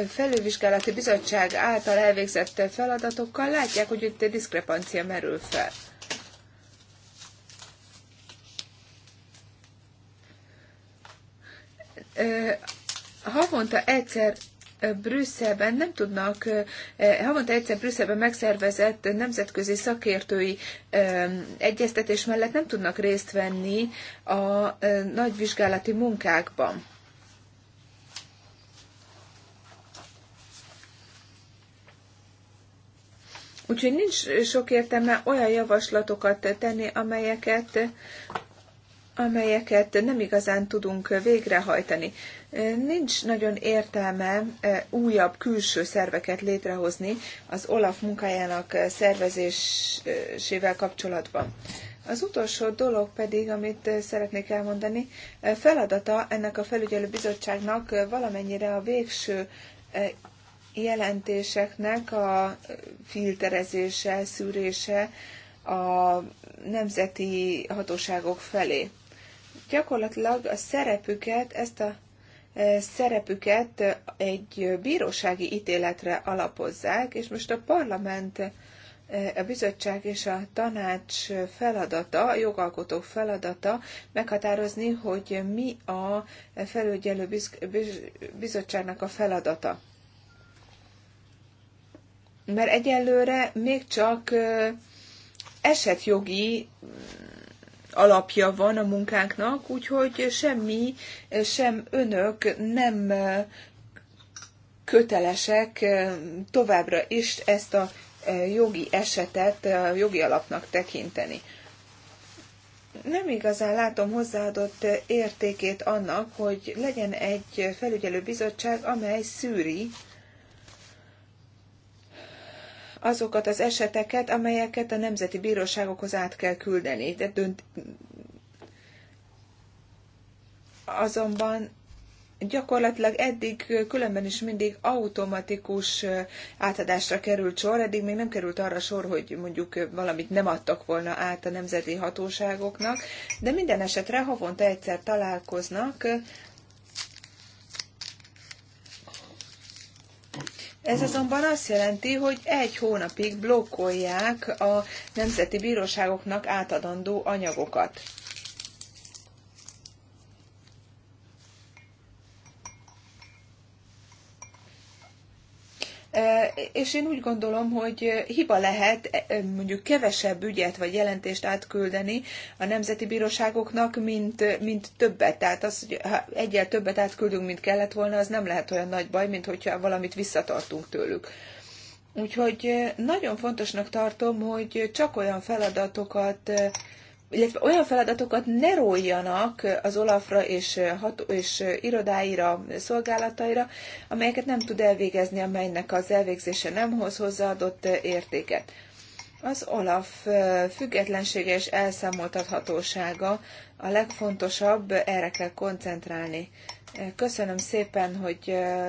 felülvizsgálati bizottság által elvégzett feladatokkal, látják, hogy itt egy diszkrepancia merül fel. havonta egyszer Brüsszelben nem tudnak, havonta egyszer Brüsszelben megszervezett nemzetközi szakértői egyeztetés mellett nem tudnak részt venni a nagy vizsgálati munkákban. Úgyhogy nincs sok értelme olyan javaslatokat tenni, amelyeket amelyeket nem igazán tudunk végrehajtani. Nincs nagyon értelme e, újabb külső szerveket létrehozni az OLAF munkájának szervezésével kapcsolatban. Az utolsó dolog pedig, amit szeretnék elmondani, e, feladata ennek a felügyelő bizottságnak valamennyire a végső e, jelentéseknek a filterezése, szűrése a nemzeti hatóságok felé gyakorlatilag a szerepüket, ezt a e, szerepüket egy bírósági ítéletre alapozzák, és most a parlament, e, a bizottság és a tanács feladata, a jogalkotó feladata meghatározni, hogy mi a felügyelő bizottságnak a feladata. Mert egyelőre még csak e, esetjogi alapja van a munkánknak, úgyhogy semmi, sem önök nem kötelesek továbbra is ezt a jogi esetet jogi alapnak tekinteni. Nem igazán látom hozzáadott értékét annak, hogy legyen egy felügyelő bizottság, amely szűri azokat az eseteket, amelyeket a nemzeti bíróságokhoz át kell küldeni. De dönt... Azonban gyakorlatilag eddig különben is mindig automatikus átadásra került sor, eddig még nem került arra sor, hogy mondjuk valamit nem adtak volna át a nemzeti hatóságoknak, de minden esetre havonta egyszer találkoznak Ez azonban azt jelenti, hogy egy hónapig blokkolják a nemzeti bíróságoknak átadandó anyagokat. és én úgy gondolom, hogy hiba lehet mondjuk kevesebb ügyet vagy jelentést átküldeni a nemzeti bíróságoknak, mint, mint többet. Tehát az, hogy ha egyel többet átküldünk, mint kellett volna, az nem lehet olyan nagy baj, mint hogyha valamit visszatartunk tőlük. Úgyhogy nagyon fontosnak tartom, hogy csak olyan feladatokat illetve olyan feladatokat ne róljanak az Olafra és, hat, és irodáira, szolgálataira, amelyeket nem tud elvégezni, amelynek az elvégzése nem hoz hozzáadott értéket. Az Olaf függetlensége és elszámoltathatósága a legfontosabb, erre kell koncentrálni. Köszönöm szépen, hogy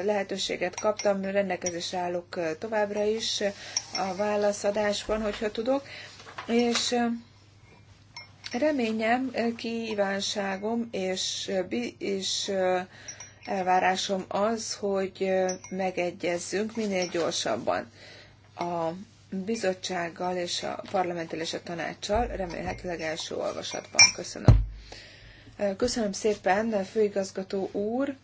lehetőséget kaptam, rendelkezésre állok továbbra is a válaszadásban, hogyha tudok, és Reményem, kívánságom és, és elvárásom az, hogy megegyezzünk minél gyorsabban a bizottsággal és a parlamenttel és a tanácssal, remélhetőleg első olvasatban. Köszönöm. Köszönöm szépen, főigazgató úr.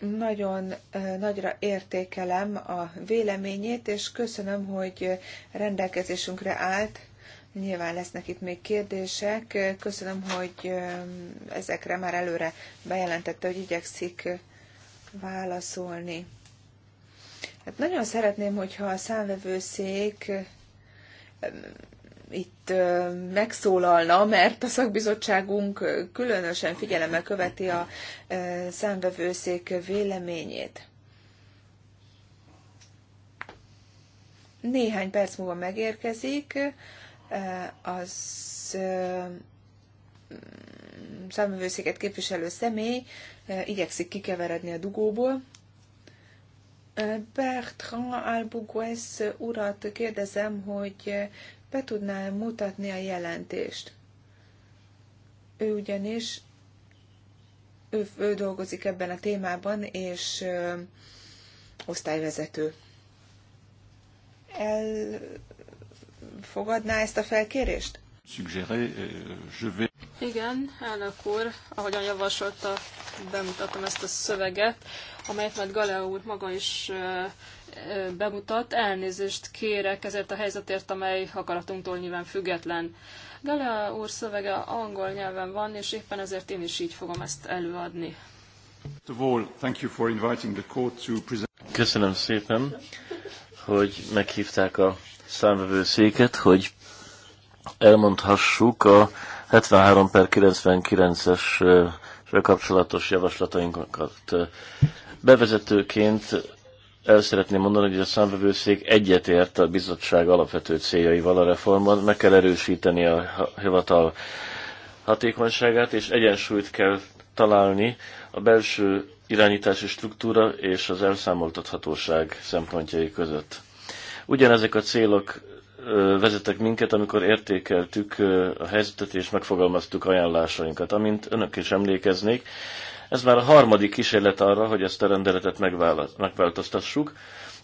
Nagyon nagyra értékelem a véleményét, és köszönöm, hogy rendelkezésünkre állt Nyilván lesznek itt még kérdések. Köszönöm, hogy ezekre már előre bejelentette, hogy igyekszik válaszolni. Hát nagyon szeretném, hogyha a számvevőszék itt megszólalna, mert a szakbizottságunk különösen figyelemmel követi a számvevőszék véleményét. Néhány perc múlva megérkezik az mm, számövőszéket képviselő személy igyekszik kikeveredni a dugóból. Bertrand Albuquez urat kérdezem, hogy be tudná mutatni a jelentést. Ő ugyanis, ő, ő dolgozik ebben a témában, és ö, osztályvezető. El Fogadná ezt a felkérést? Eh, Igen, elnök úr, ahogyan javasolta, bemutatom ezt a szöveget, amelyet majd Galea úr maga is eh, eh, bemutat. Elnézést kérek ezért a helyzetért, amely akaratunktól nyilván független. Galea úr szövege angol nyelven van, és éppen ezért én is így fogom ezt előadni. Köszönöm szépen, hogy meghívták a számvevőszéket, hogy elmondhassuk a 73 per 99-es kapcsolatos javaslatainkat. Bevezetőként el szeretném mondani, hogy a számvevőszék egyetért a bizottság alapvető céljaival a reformban, meg kell erősíteni a hivatal hatékonyságát, és egyensúlyt kell találni a belső irányítási struktúra és az elszámoltathatóság szempontjai között. Ugyanezek a célok vezetek minket, amikor értékeltük a helyzetet és megfogalmaztuk ajánlásainkat. Amint önök is emlékeznék, ez már a harmadik kísérlet arra, hogy ezt a rendeletet megváltoztassuk.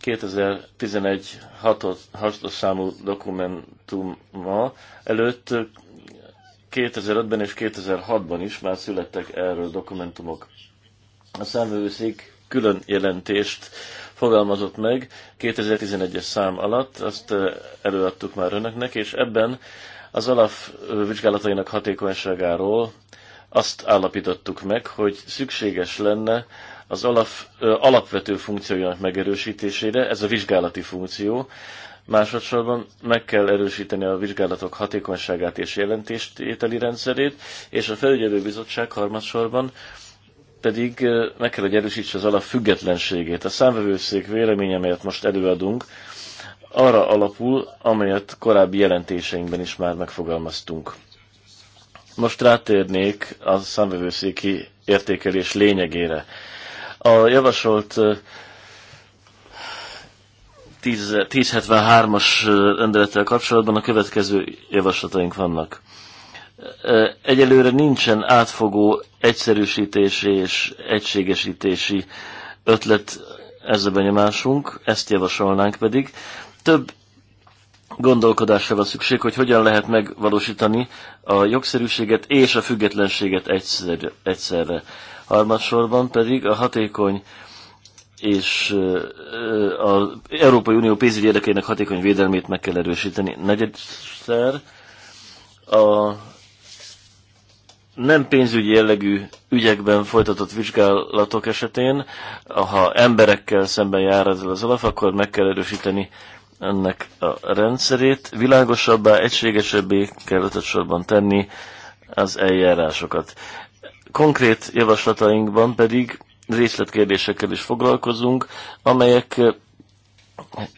2011 6-os számú dokumentuma előtt 2005-ben és 2006-ban is már születtek erről dokumentumok. A számvevőszék külön jelentést fogalmazott meg 2011-es szám alatt, azt előadtuk már önöknek, és ebben az alap vizsgálatainak hatékonyságáról azt állapítottuk meg, hogy szükséges lenne az ö, alapvető funkciójának megerősítésére, ez a vizsgálati funkció, Másodszorban meg kell erősíteni a vizsgálatok hatékonyságát és jelentéstételi rendszerét, és a felügyelőbizottság harmadsorban pedig meg kell, hogy erősítse az alap függetlenségét. A számvevőszék véleménye, amelyet most előadunk, arra alapul, amelyet korábbi jelentéseinkben is már megfogalmaztunk. Most rátérnék a számvevőszéki értékelés lényegére. A javasolt 1073-as rendelettel kapcsolatban a következő javaslataink vannak egyelőre nincsen átfogó egyszerűsítési és egységesítési ötlet ez a benyomásunk, ezt javasolnánk pedig. Több gondolkodásra van szükség, hogy hogyan lehet megvalósítani a jogszerűséget és a függetlenséget egyszer, egyszerre. Harmadsorban pedig a hatékony és az Európai Unió pénzügyi érdekének hatékony védelmét meg kell erősíteni. Negyedszer a nem pénzügyi jellegű ügyekben folytatott vizsgálatok esetén, ha emberekkel szemben jár ezzel az alap, akkor meg kell erősíteni ennek a rendszerét, világosabbá, egységesebbé kell sorban tenni az eljárásokat. Konkrét javaslatainkban pedig részletkérdésekkel is foglalkozunk, amelyeket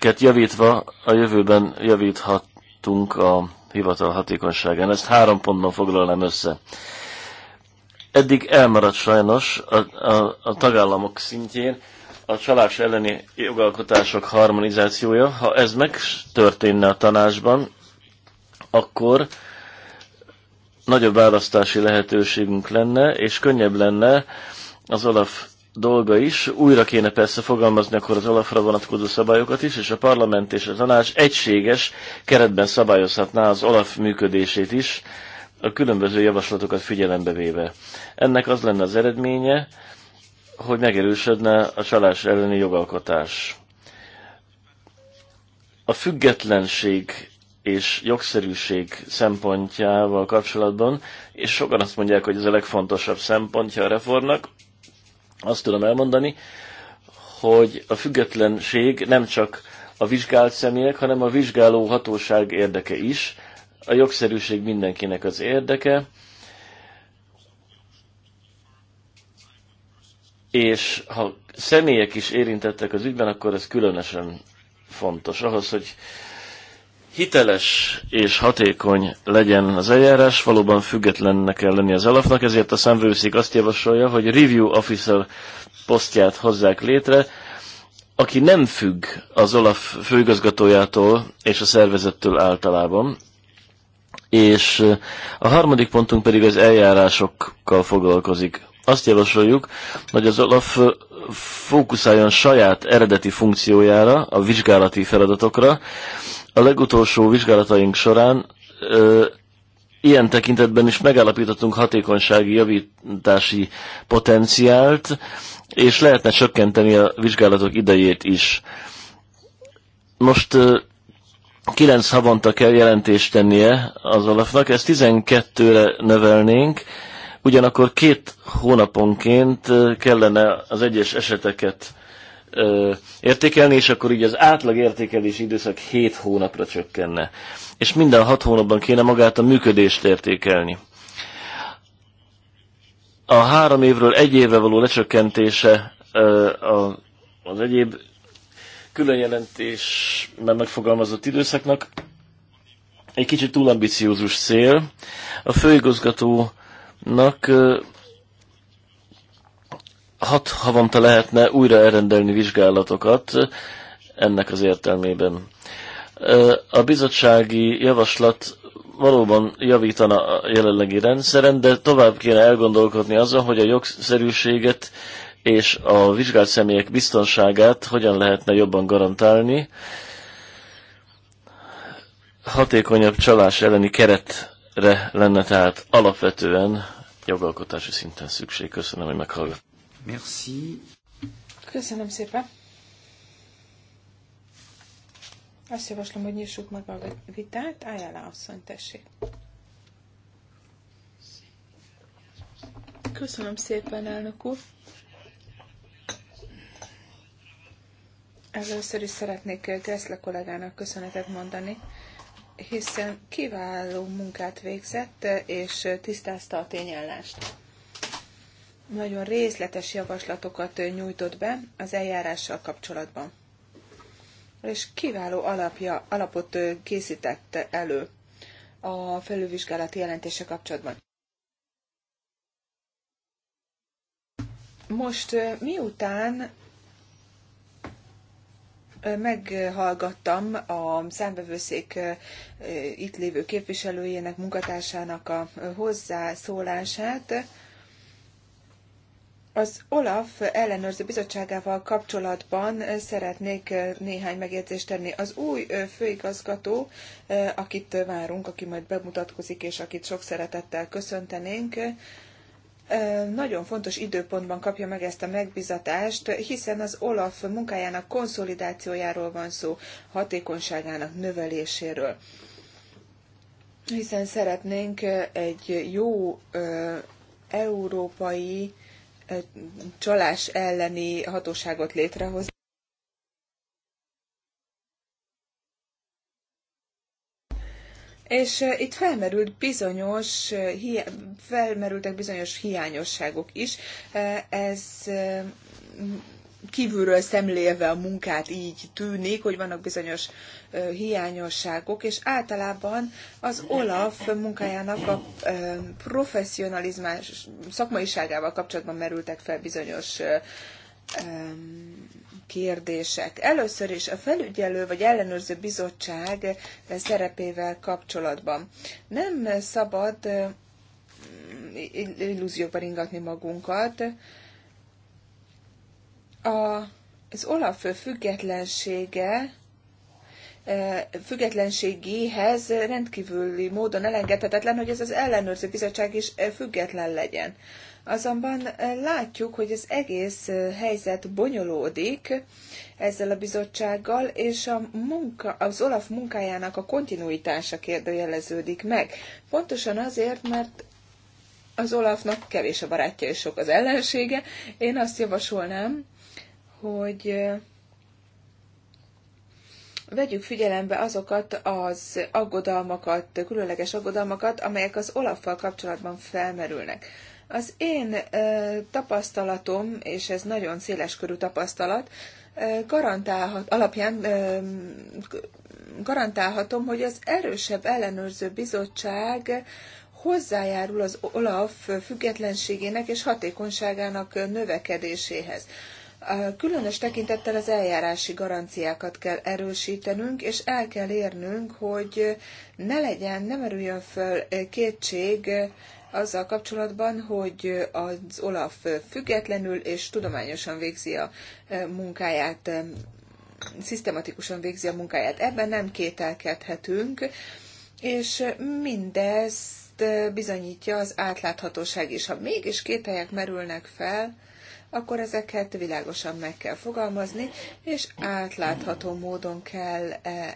javítva a jövőben javíthatunk a hivatal hatékonyságán. Ezt három pontban foglalnám össze eddig elmaradt sajnos a, a, a tagállamok szintjén a csalás elleni jogalkotások harmonizációja. Ha ez megtörténne a tanácsban, akkor nagyobb választási lehetőségünk lenne, és könnyebb lenne az Olaf dolga is. Újra kéne persze fogalmazni akkor az Olafra vonatkozó szabályokat is, és a parlament és a tanács egységes keretben szabályozhatná az Olaf működését is a különböző javaslatokat figyelembe véve. Ennek az lenne az eredménye, hogy megerősödne a csalás elleni jogalkotás. A függetlenség és jogszerűség szempontjával kapcsolatban, és sokan azt mondják, hogy ez a legfontosabb szempontja a reformnak, azt tudom elmondani, hogy a függetlenség nem csak a vizsgált személyek, hanem a vizsgáló hatóság érdeke is, a jogszerűség mindenkinek az érdeke, és ha személyek is érintettek az ügyben, akkor ez különösen fontos. Ahhoz, hogy hiteles és hatékony legyen az eljárás, valóban függetlennek kell lenni az alapnak, ezért a számvőszék azt javasolja, hogy review officer posztját hozzák létre, aki nem függ az Olaf főigazgatójától és a szervezettől általában, és a harmadik pontunk pedig az eljárásokkal foglalkozik. Azt javasoljuk, hogy az Olaf fókuszáljon saját eredeti funkciójára, a vizsgálati feladatokra. A legutolsó vizsgálataink során ö, ilyen tekintetben is megállapítottunk hatékonysági javítási potenciált, és lehetne csökkenteni a vizsgálatok idejét is. Most 9 havonta kell jelentést tennie az alapnak ezt 12-re növelnénk, ugyanakkor két hónaponként kellene az egyes eseteket értékelni, és akkor így az átlag értékelési időszak 7 hónapra csökkenne. És minden 6 hónapban kéne magát a működést értékelni. A három évről egy évre való lecsökkentése az egyéb külön jelentés, mert megfogalmazott időszaknak egy kicsit túl ambiciózus cél. A főigazgatónak hat havonta lehetne újra elrendelni vizsgálatokat ennek az értelmében. A bizottsági javaslat valóban javítana a jelenlegi rendszeren, de tovább kéne elgondolkodni azon, hogy a jogszerűséget és a vizsgált személyek biztonságát hogyan lehetne jobban garantálni. Hatékonyabb csalás elleni keretre lenne tehát alapvetően jogalkotási szinten szükség. Köszönöm, hogy meghallgat. Merci. Köszönöm szépen. Azt javaslom, hogy nyissuk meg a vitát. le, asszony, tessék. Köszönöm szépen, elnök úr. Először is szeretnék Greszle kollégának köszönetet mondani, hiszen kiváló munkát végzett, és tisztázta a tényállást. Nagyon részletes javaslatokat nyújtott be az eljárással kapcsolatban. És kiváló alapja, alapot készítette elő a felülvizsgálati jelentése kapcsolatban. Most miután meghallgattam a számbevőszék itt lévő képviselőjének, munkatársának a hozzászólását. Az OLAF ellenőrző bizottságával kapcsolatban szeretnék néhány megjegyzést tenni. Az új főigazgató, akit várunk, aki majd bemutatkozik, és akit sok szeretettel köszöntenénk, nagyon fontos időpontban kapja meg ezt a megbizatást, hiszen az OLAF munkájának konszolidációjáról van szó, hatékonyságának növeléséről. Hiszen szeretnénk egy jó európai csalás elleni hatóságot létrehozni. És itt felmerült bizonyos, felmerültek bizonyos hiányosságok is. Ez kívülről szemlélve a munkát így tűnik, hogy vannak bizonyos hiányosságok, és általában az Olaf munkájának a professzionalizmás szakmaiságával kapcsolatban merültek fel bizonyos kérdések. Először is a felügyelő vagy ellenőrző bizottság szerepével kapcsolatban. Nem szabad illúziókba ringatni magunkat. A, az Olaf függetlensége függetlenségéhez rendkívüli módon elengedhetetlen, hogy ez az ellenőrző bizottság is független legyen. Azonban eh, látjuk, hogy az egész eh, helyzet bonyolódik ezzel a bizottsággal, és a munka, az Olaf munkájának a kontinuitása kérdőjeleződik meg. Pontosan azért, mert az Olafnak kevés a barátja és sok az ellensége. Én azt javasolnám, hogy eh, vegyük figyelembe azokat az aggodalmakat, különleges aggodalmakat, amelyek az Olaffal kapcsolatban felmerülnek. Az én tapasztalatom, és ez nagyon széleskörű tapasztalat, garantálhat, alapján garantálhatom, hogy az erősebb ellenőrző bizottság hozzájárul az OLAF függetlenségének és hatékonyságának növekedéséhez. Különös tekintettel az eljárási garanciákat kell erősítenünk, és el kell érnünk, hogy ne legyen, nem erüljön föl kétség azzal kapcsolatban, hogy az Olaf függetlenül és tudományosan végzi a e, munkáját, e, szisztematikusan végzi a munkáját. Ebben nem kételkedhetünk, és mindezt e, bizonyítja az átláthatóság is. Ha mégis kételyek merülnek fel, akkor ezeket világosan meg kell fogalmazni, és átlátható módon kell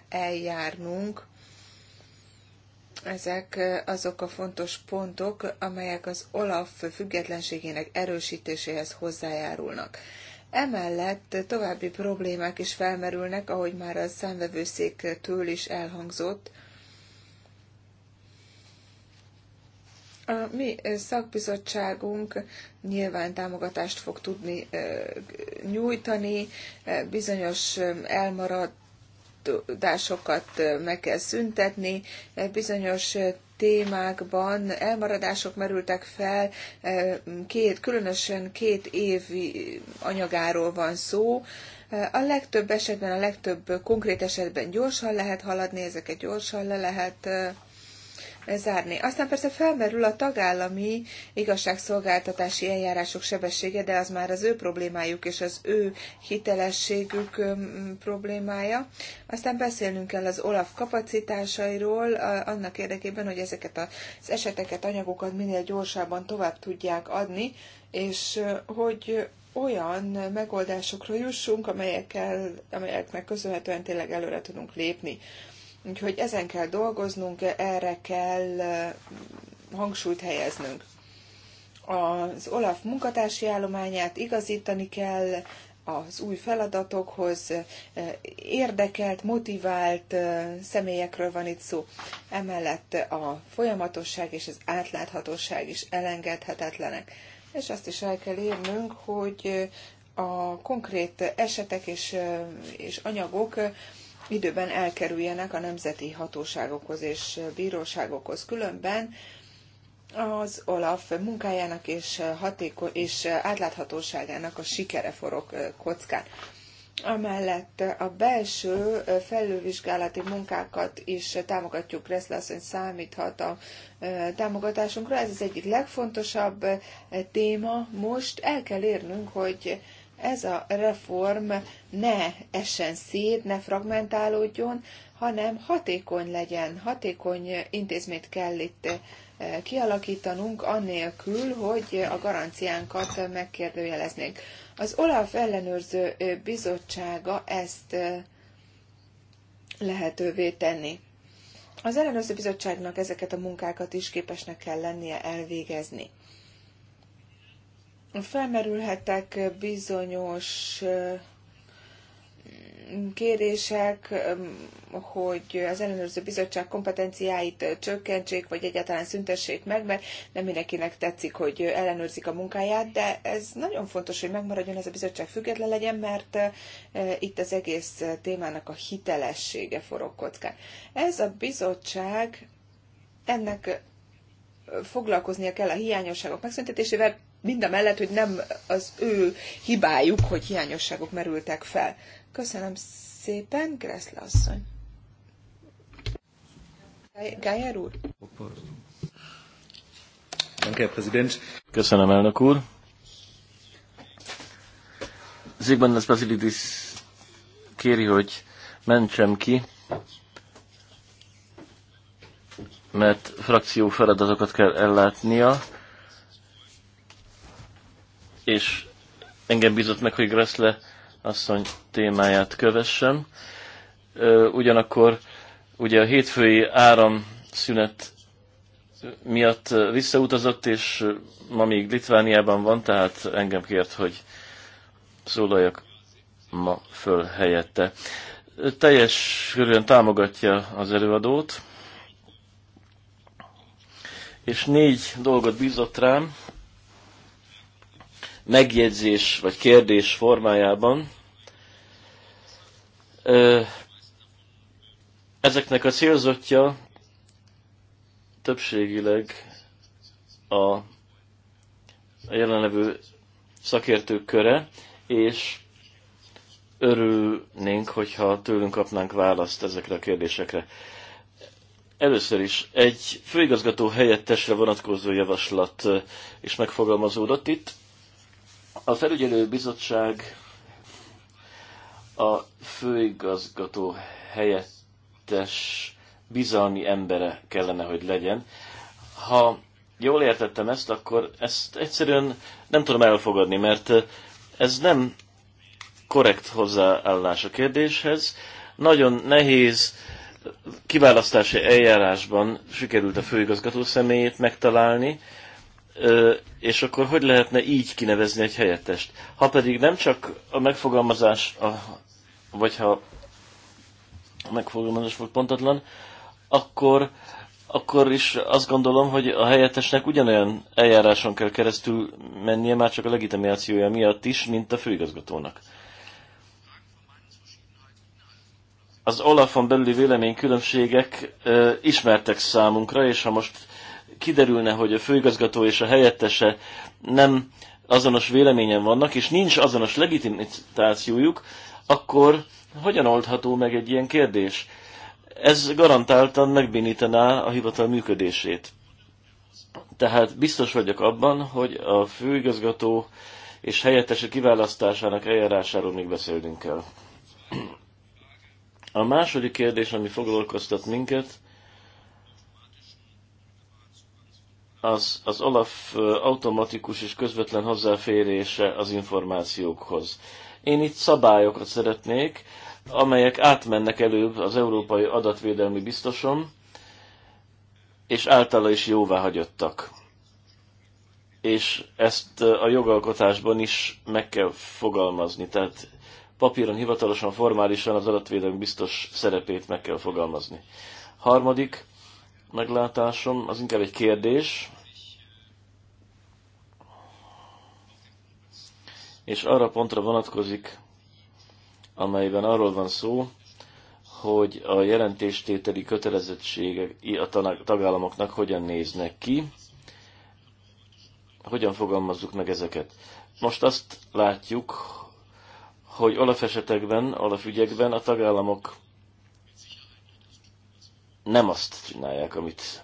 eljárnunk ezek azok a fontos pontok, amelyek az OLAF függetlenségének erősítéséhez hozzájárulnak. Emellett további problémák is felmerülnek, ahogy már a től is elhangzott. A mi szakbizottságunk nyilván támogatást fog tudni nyújtani bizonyos elmaradt ellentmondásokat meg kell szüntetni, bizonyos témákban elmaradások merültek fel, két, különösen két év anyagáról van szó, a legtöbb esetben, a legtöbb konkrét esetben gyorsan lehet haladni, ezeket gyorsan le lehet zárni. Aztán persze felmerül a tagállami igazságszolgáltatási eljárások sebessége, de az már az ő problémájuk és az ő hitelességük problémája. Aztán beszélnünk kell az OLAF kapacitásairól, annak érdekében, hogy ezeket az eseteket, anyagokat minél gyorsabban tovább tudják adni, és hogy olyan megoldásokra jussunk, amelyekkel, amelyeknek köszönhetően tényleg előre tudunk lépni. Úgyhogy ezen kell dolgoznunk, erre kell hangsúlyt helyeznünk. Az OLAF munkatársi állományát igazítani kell az új feladatokhoz, érdekelt, motivált személyekről van itt szó. Emellett a folyamatosság és az átláthatóság is elengedhetetlenek. És azt is el kell érnünk, hogy a konkrét esetek és, és anyagok időben elkerüljenek a nemzeti hatóságokhoz és bíróságokhoz. Különben az Olaf munkájának és, hatéko- és átláthatóságának a sikere forog kockán. Amellett a belső felülvizsgálati munkákat is támogatjuk, Kreszle hogy számíthat a támogatásunkra. Ez az egyik legfontosabb téma. Most el kell érnünk, hogy ez a reform ne essen szét, ne fragmentálódjon, hanem hatékony legyen, hatékony intézményt kell itt eh, kialakítanunk, annélkül, hogy a garanciánkat megkérdőjeleznék. Az OLAF ellenőrző eh, bizottsága ezt eh, lehetővé tenni. Az ellenőrző bizottságnak ezeket a munkákat is képesnek kell lennie elvégezni felmerülhettek bizonyos kérések, hogy az ellenőrző bizottság kompetenciáit csökkentsék, vagy egyáltalán szüntessék meg, mert nem mindenkinek tetszik, hogy ellenőrzik a munkáját, de ez nagyon fontos, hogy megmaradjon ez a bizottság független legyen, mert itt az egész témának a hitelessége forog kockán. Ez a bizottság ennek foglalkoznia kell a hiányosságok megszüntetésével, mindemellett, mellett, hogy nem az ő hibájuk, hogy hiányosságok merültek fel. Köszönöm szépen, Greszle asszony. Gájer úr? Köszönöm, elnök úr. az Basilidis kéri, hogy mentsem ki, mert frakció feladatokat kell ellátnia és engem bízott meg, hogy Gressle asszony témáját kövessem. Ugyanakkor ugye a hétfői áramszünet miatt visszautazott, és ma még Litvániában van, tehát engem kért, hogy szólaljak ma föl helyette. Teljes körülön támogatja az előadót, és négy dolgot bízott rám, megjegyzés vagy kérdés formájában. Ezeknek a célzottja többségileg a, jelenlevő szakértők köre, és örülnénk, hogyha tőlünk kapnánk választ ezekre a kérdésekre. Először is egy főigazgató helyettesre vonatkozó javaslat is megfogalmazódott itt. A felügyelő bizottság a főigazgató helyettes bizalmi embere kellene, hogy legyen. Ha jól értettem ezt, akkor ezt egyszerűen nem tudom elfogadni, mert ez nem korrekt hozzáállás a kérdéshez. Nagyon nehéz kiválasztási eljárásban sikerült a főigazgató személyét megtalálni, és akkor hogy lehetne így kinevezni egy helyettest? Ha pedig nem csak a megfogalmazás, a, vagy ha a megfogalmazás volt pontatlan, akkor, akkor is azt gondolom, hogy a helyettesnek ugyanolyan eljáráson kell keresztül mennie, már csak a legitimációja miatt is, mint a főigazgatónak. Az Olafon belüli különbségek ö, ismertek számunkra, és ha most kiderülne, hogy a főigazgató és a helyettese nem azonos véleményen vannak, és nincs azonos legitimitációjuk, akkor hogyan oldható meg egy ilyen kérdés? Ez garantáltan megbénítaná a hivatal működését. Tehát biztos vagyok abban, hogy a főigazgató és helyettese kiválasztásának eljárásáról még beszélnünk kell. A második kérdés, ami foglalkoztat minket, az, az Olaf automatikus és közvetlen hozzáférése az információkhoz. Én itt szabályokat szeretnék, amelyek átmennek előbb az Európai Adatvédelmi Biztosom, és általa is jóváhagyottak. És ezt a jogalkotásban is meg kell fogalmazni, tehát papíron, hivatalosan, formálisan az adatvédelmi biztos szerepét meg kell fogalmazni. Harmadik, meglátásom, az inkább egy kérdés, és arra pontra vonatkozik, amelyben arról van szó, hogy a jelentéstételi kötelezettségek a tagállamoknak hogyan néznek ki, hogyan fogalmazzuk meg ezeket. Most azt látjuk, hogy alapesetekben, alapügyekben a tagállamok nem azt csinálják, amit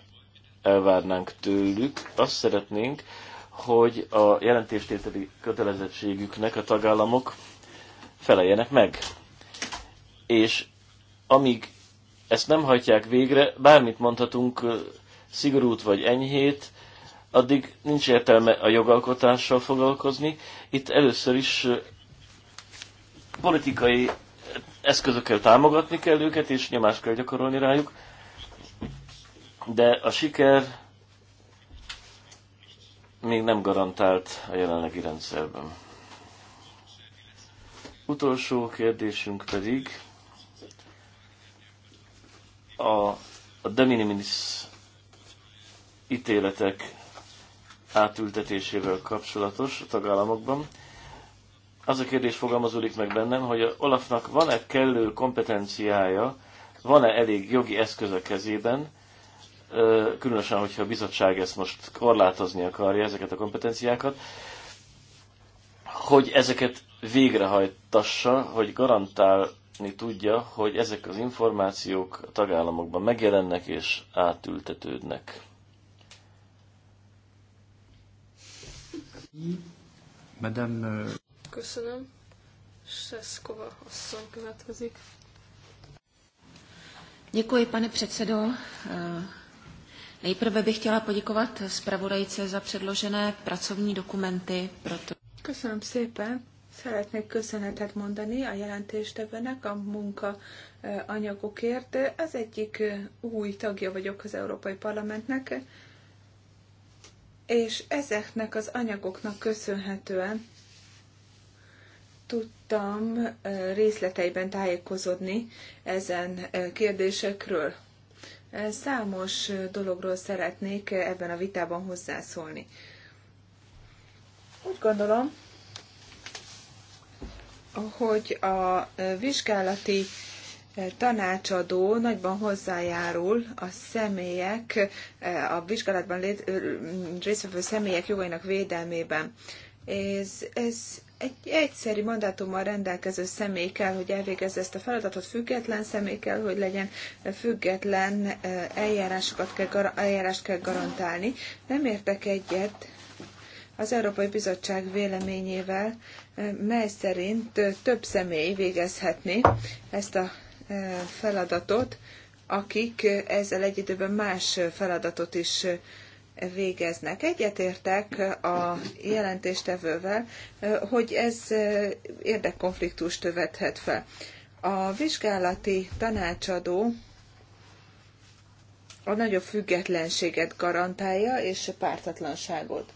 elvárnánk tőlük. Azt szeretnénk, hogy a jelentéstételi kötelezettségüknek a tagállamok feleljenek meg. És amíg ezt nem hajtják végre, bármit mondhatunk szigorút vagy enyhét, addig nincs értelme a jogalkotással foglalkozni. Itt először is politikai eszközökkel támogatni kell őket, és nyomást kell gyakorolni rájuk, de a siker még nem garantált a jelenlegi rendszerben. Utolsó kérdésünk pedig a, a de minimis ítéletek átültetésével kapcsolatos a tagállamokban. Az a kérdés fogalmazódik meg bennem, hogy a Olafnak van-e kellő kompetenciája, van-e elég jogi eszköz a kezében, különösen, hogyha a bizottság ezt most korlátozni akarja, ezeket a kompetenciákat, hogy ezeket végrehajtassa, hogy garantálni tudja, hogy ezek az információk a tagállamokban megjelennek és átültetődnek. Madame... Köszönöm. Seskova asszony következik. Děkuji, pane předsedo. Nejprve bych chtěla poděkovat zpravodajce za předložené pracovní dokumenty. Proto... Köszönöm szépen! Szeretnék köszönetet mondani a jelentéstevőnek a munka anyagokért. Az egyik új tagja vagyok az Európai Parlamentnek, és ezeknek az anyagoknak köszönhetően tudtam részleteiben tájékozódni ezen kérdésekről. Számos dologról szeretnék ebben a vitában hozzászólni. Úgy gondolom, hogy a vizsgálati tanácsadó nagyban hozzájárul a személyek, a vizsgálatban résztvevő személyek jogainak védelmében. Ez, ez egy egyszerű mandátummal rendelkező személy kell, hogy elvégezze ezt a feladatot, független személy kell, hogy legyen, független eh, eljárásokat kell, eljárást kell garantálni. Nem értek egyet az Európai Bizottság véleményével, eh, mely szerint eh, több személy végezhetné ezt a feladatot, akik ezzel egy időben más feladatot is végeznek. Egyetértek a jelentéstevővel, hogy ez érdekkonfliktust tövethet fel. A vizsgálati tanácsadó a nagyobb függetlenséget garantálja és a pártatlanságot.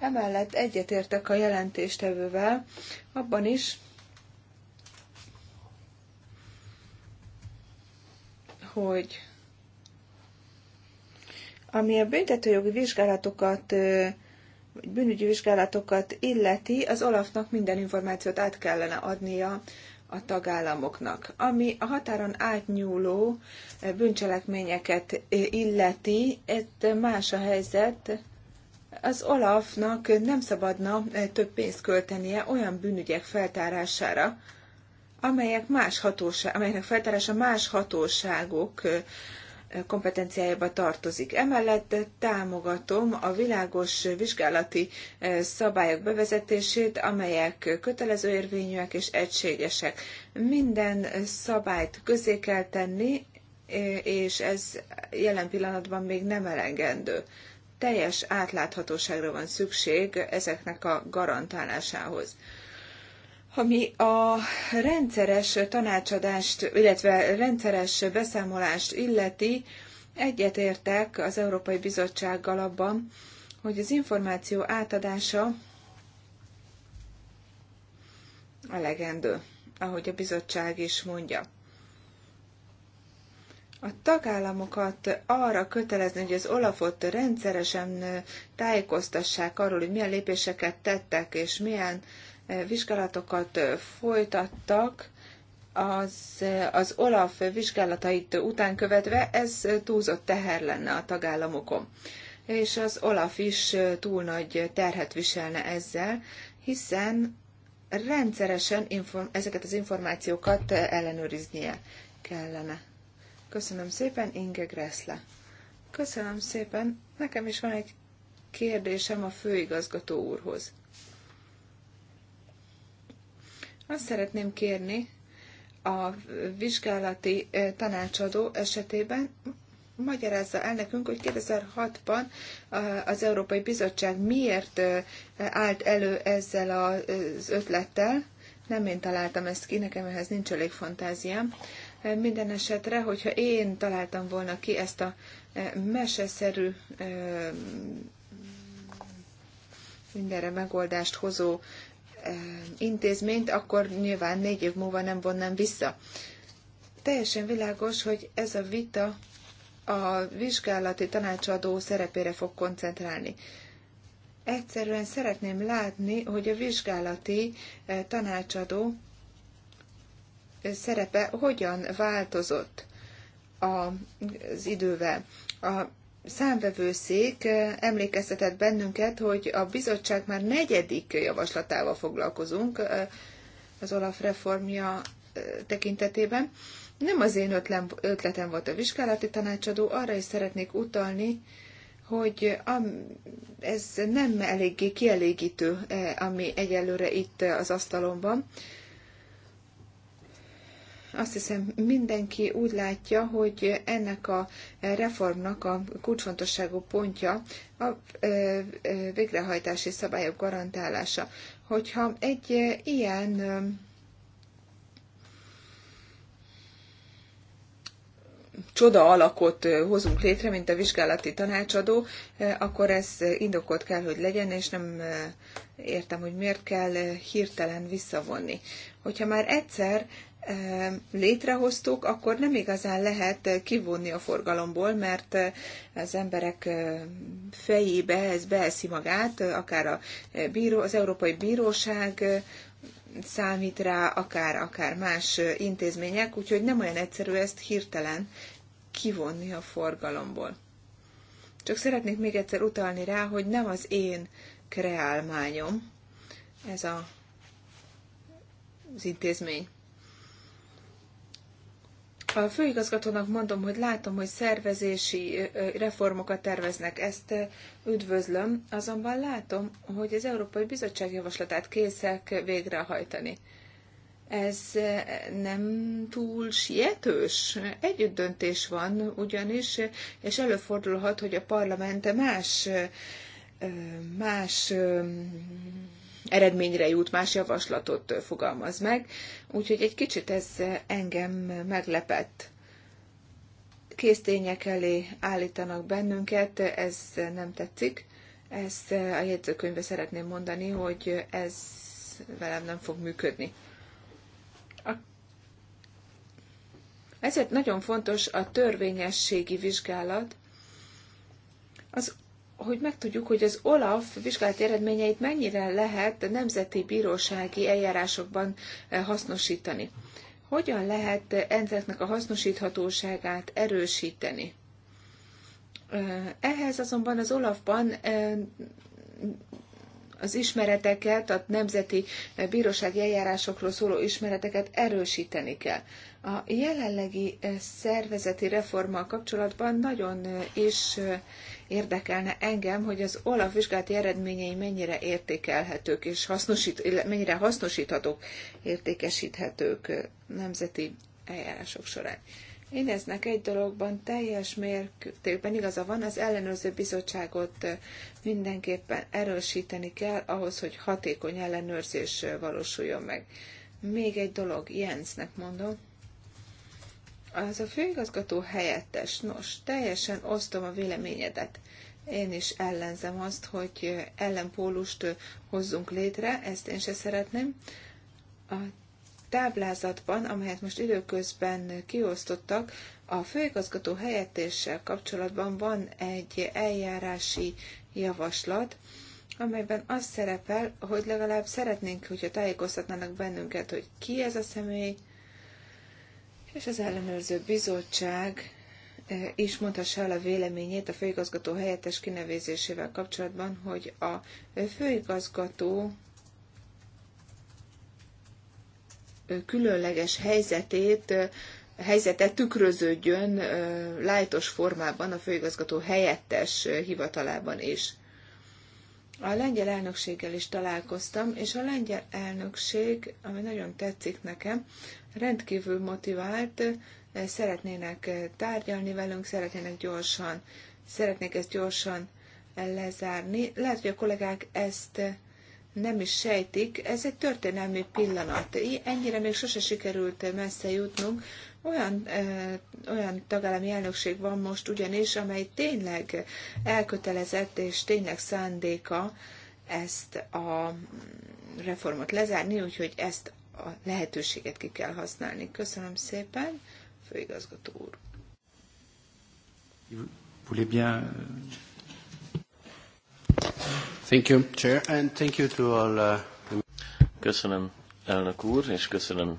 Emellett egyetértek a jelentéstevővel abban is, hogy ami a büntetőjogi vizsgálatokat, bűnügyi vizsgálatokat illeti, az Olafnak minden információt át kellene adnia a tagállamoknak. Ami a határon átnyúló bűncselekményeket illeti, ez más a helyzet, az Olafnak nem szabadna több pénzt költenie olyan bűnügyek feltárására, amelyek más hatóság, amelynek feltárása más hatóságok kompetenciájába tartozik. Emellett támogatom a világos vizsgálati e, szabályok bevezetését, amelyek kötelező érvényűek és egységesek. Minden szabályt közé kell tenni, e, és ez jelen pillanatban még nem elengedő. Teljes átláthatóságra van szükség ezeknek a garantálásához ami a rendszeres tanácsadást, illetve rendszeres beszámolást illeti, egyetértek az Európai Bizottsággal abban, hogy az információ átadása elegendő, ahogy a bizottság is mondja. A tagállamokat arra kötelezni, hogy az Olafot rendszeresen tájékoztassák arról, hogy milyen lépéseket tettek, és milyen vizsgálatokat folytattak, az, az OLAF vizsgálatait után követve ez túlzott teher lenne a tagállamokon. És az OLAF is túl nagy terhet viselne ezzel, hiszen rendszeresen inform- ezeket az információkat ellenőriznie kellene. Köszönöm szépen, Inge Gressle. Köszönöm szépen. Nekem is van egy kérdésem a főigazgató úrhoz. Azt szeretném kérni a vizsgálati tanácsadó esetében, magyarázza el nekünk, hogy 2006-ban az Európai Bizottság miért állt elő ezzel az ötlettel. Nem én találtam ezt ki, nekem ehhez nincs elég fantáziám. Minden esetre, hogyha én találtam volna ki ezt a meseszerű mindenre megoldást hozó intézményt, akkor nyilván négy év múlva nem vonnám vissza. Teljesen világos, hogy ez a vita a vizsgálati tanácsadó szerepére fog koncentrálni. Egyszerűen szeretném látni, hogy a vizsgálati eh, tanácsadó eh, szerepe hogyan változott az idővel. A számvevőszék emlékeztetett bennünket, hogy a bizottság már negyedik javaslatával foglalkozunk az Olaf reformja tekintetében. Nem az én ötlem, ötletem volt a vizsgálati tanácsadó, arra is szeretnék utalni, hogy ez nem eléggé kielégítő, ami egyelőre itt az asztalon van. Azt hiszem mindenki úgy látja, hogy ennek a reformnak a kulcsfontosságú pontja a végrehajtási szabályok garantálása. Hogyha egy ilyen csoda alakot hozunk létre, mint a vizsgálati tanácsadó, akkor ez indokolt kell, hogy legyen, és nem értem, hogy miért kell hirtelen visszavonni. Hogyha már egyszer létrehoztuk, akkor nem igazán lehet kivonni a forgalomból, mert az emberek fejébe ez beeszi magát, akár a bíró, az Európai Bíróság számít rá, akár, akár más intézmények, úgyhogy nem olyan egyszerű ezt hirtelen kivonni a forgalomból. Csak szeretnék még egyszer utalni rá, hogy nem az én kreálmányom ez a, az intézmény. A főigazgatónak mondom, hogy látom, hogy szervezési reformokat terveznek, ezt üdvözlöm, azonban látom, hogy az Európai Bizottság javaslatát készek végrehajtani. Ez nem túl sietős. Együtt döntés van ugyanis, és előfordulhat, hogy a parlament más más eredményre jut, más javaslatot fogalmaz meg, úgyhogy egy kicsit ez engem meglepett. Késztények elé állítanak bennünket, ez nem tetszik. Ezt a jegyzőkönyvbe szeretném mondani, hogy ez velem nem fog működni. ezért nagyon fontos a törvényességi vizsgálat, az hogy megtudjuk, hogy az OLAF vizsgálati eredményeit mennyire lehet a nemzeti bírósági eljárásokban eh, hasznosítani. Hogyan lehet ezeknek a hasznosíthatóságát erősíteni? Eh, ehhez azonban az Olafban eh, az ismereteket, a nemzeti bírósági eljárásokról szóló ismereteket erősíteni kell. A jelenlegi szervezeti reformmal kapcsolatban nagyon is érdekelne engem, hogy az OLAF vizsgálati eredményei mennyire értékelhetők és hasznosít, mennyire hasznosíthatók, értékesíthetők nemzeti eljárások során. Ineznek egy dologban teljes mértékben igaza van, az ellenőrző bizottságot mindenképpen erősíteni kell ahhoz, hogy hatékony ellenőrzés valósuljon meg. Még egy dolog, Jensnek mondom, az a főigazgató helyettes, nos, teljesen osztom a véleményedet. Én is ellenzem azt, hogy ellenpólust hozzunk létre, ezt én se szeretném. A táblázatban, amelyet most időközben kiosztottak, a főigazgató helyettéssel kapcsolatban van egy eljárási javaslat, amelyben az szerepel, hogy legalább szeretnénk, hogyha tájékoztatnának bennünket, hogy ki ez a személy, és az ellenőrző bizottság eh, is mondhassa el a véleményét a főigazgató helyettes kinevezésével kapcsolatban, hogy a főigazgató eh, különleges helyzetét, eh, helyzetet tükröződjön lájtos formában a főigazgató helyettes hivatalában is. A lengyel elnökséggel is találkoztam, és a lengyel elnökség, ami nagyon tetszik nekem, rendkívül motivált, szeretnének tárgyalni velünk, szeretnének gyorsan, szeretnék ezt gyorsan lezárni. Lehet, hogy a kollégák ezt nem is sejtik, ez egy történelmi pillanat. Ennyire még sose sikerült messze jutnunk, olyan, olyan tagállami elnökség van most ugyanis, amely tényleg elkötelezett és tényleg szándéka ezt a reformot lezárni, úgyhogy ezt a lehetőséget ki kell használni. Köszönöm szépen, főigazgató úr. Euh, thank you, Chair, and thank you to all. Uh, köszönöm, elnök úr, és köszönöm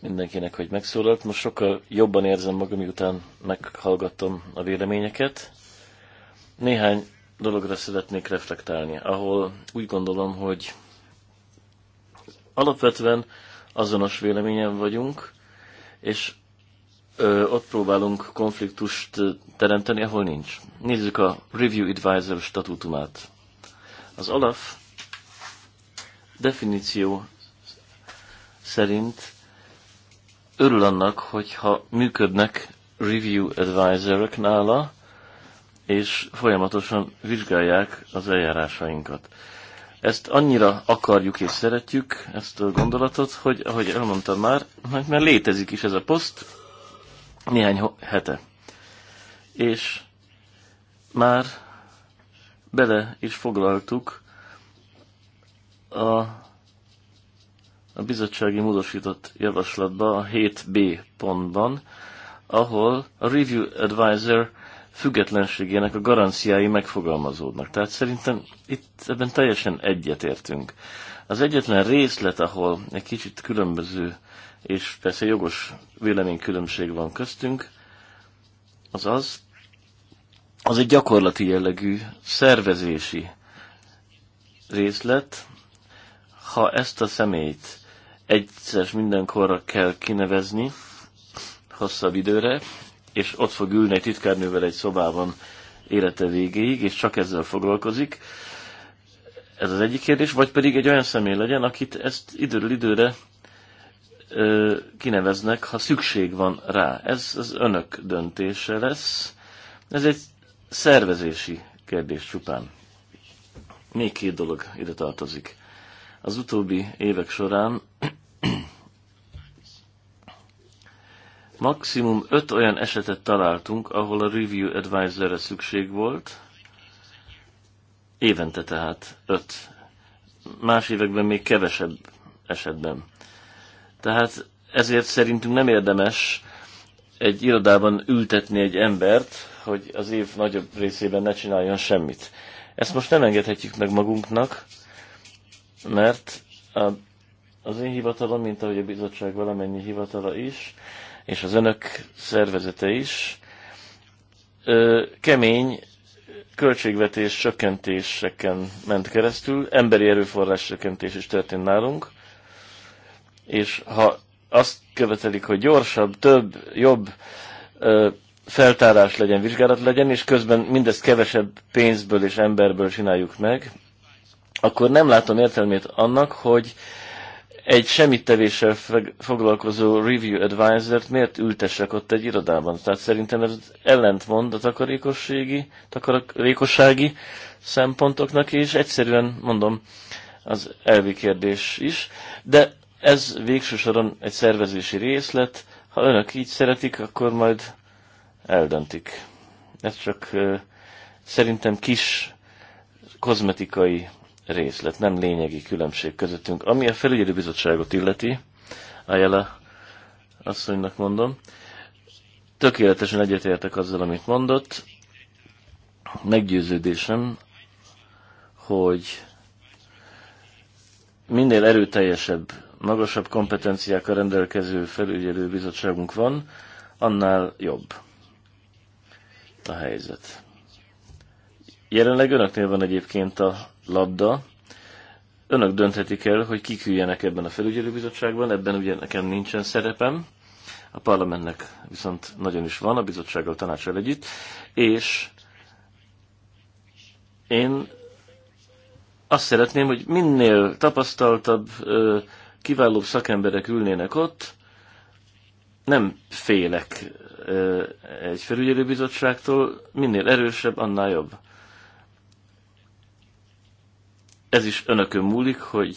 mindenkinek, hogy megszólalt. Most sokkal jobban érzem magam, miután meghallgattam a véleményeket. Néhány dologra szeretnék reflektálni, ahol úgy gondolom, hogy alapvetően azonos véleményen vagyunk, és ö, ott próbálunk konfliktust teremteni, ahol nincs. Nézzük a Review Advisor statútumát. Az alap definíció szerint örül annak, hogyha működnek review advisorok nála, és folyamatosan vizsgálják az eljárásainkat. Ezt annyira akarjuk és szeretjük, ezt a gondolatot, hogy ahogy elmondtam már, mert létezik is ez a poszt néhány hete. És már bele is foglaltuk a a bizottsági módosított javaslatba, a 7b pontban, ahol a Review Advisor függetlenségének a garanciái megfogalmazódnak. Tehát szerintem itt ebben teljesen egyetértünk. Az egyetlen részlet, ahol egy kicsit különböző és persze jogos véleménykülönbség van köztünk, az az, az egy gyakorlati jellegű szervezési részlet, ha ezt a személyt egyszer mindenkorra kell kinevezni, hosszabb időre, és ott fog ülni egy titkárnővel egy szobában élete végéig, és csak ezzel foglalkozik. Ez az egyik kérdés, vagy pedig egy olyan személy legyen, akit ezt időről időre ö, kineveznek, ha szükség van rá. Ez az önök döntése lesz. Ez egy szervezési kérdés csupán. Még két dolog ide tartozik. Az utóbbi évek során maximum öt olyan esetet találtunk, ahol a review advisorre szükség volt, évente tehát öt. Más években még kevesebb esetben. Tehát ezért szerintünk nem érdemes egy irodában ültetni egy embert, hogy az év nagyobb részében ne csináljon semmit. Ezt most nem engedhetjük meg magunknak, mert a, az én hivatalom, mint ahogy a bizottság valamennyi hivatala is, és az önök szervezete is, ö, kemény költségvetés csökkentéseken ment keresztül, emberi erőforrás csökkentés is történt nálunk, és ha azt követelik, hogy gyorsabb, több, jobb ö, feltárás legyen, vizsgálat legyen, és közben mindezt kevesebb pénzből és emberből csináljuk meg, akkor nem látom értelmét annak, hogy egy semmittevéssel foglalkozó review advisor-t miért ültessek ott egy irodában? Tehát szerintem ez ellentmond a takarékossági, takarékossági szempontoknak, és egyszerűen mondom, az elvi kérdés is. De ez végső soron egy szervezési részlet. Ha önök így szeretik, akkor majd eldöntik. Ez csak szerintem kis kozmetikai részlet, nem lényegi különbség közöttünk. Ami a felügyelő bizottságot illeti, Ayala asszonynak mondom, tökéletesen egyetértek azzal, amit mondott. Meggyőződésem, hogy minél erőteljesebb, magasabb kompetenciákkal rendelkező felügyelő bizottságunk van, annál jobb a helyzet. Jelenleg önöknél van egyébként a labda. Önök dönthetik el, hogy kik üljenek ebben a felügyelőbizottságban, ebben ugye nekem nincsen szerepem, a parlamentnek viszont nagyon is van, a bizottsággal tanácsol együtt, és én azt szeretném, hogy minél tapasztaltabb, kiválóbb szakemberek ülnének ott, nem félek egy felügyelőbizottságtól, minél erősebb, annál jobb ez is önökön múlik, hogy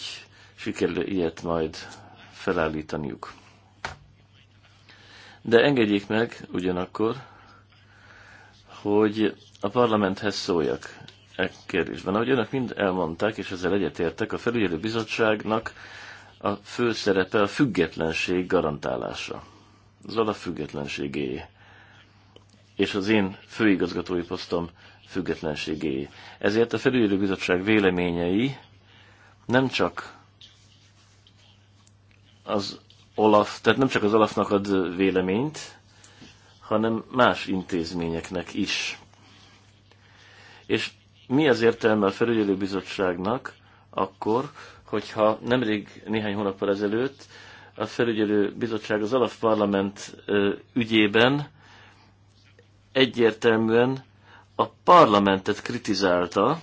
sikerül ilyet majd felállítaniuk. De engedjék meg ugyanakkor, hogy a parlamenthez szóljak e kérdésben. Ahogy önök mind elmondták, és ezzel egyetértek, a felügyelő bizottságnak a fő szerepe a függetlenség garantálása. Az függetlenségé, És az én főigazgatói posztom függetlenségéé. Ezért a bizottság véleményei nem csak az Olaf, tehát nem csak az Olafnak ad véleményt, hanem más intézményeknek is. És mi az értelme a bizottságnak, akkor, hogyha nemrég néhány hónappal ezelőtt a felügyelő bizottság az olaf parlament ügyében egyértelműen a parlamentet kritizálta,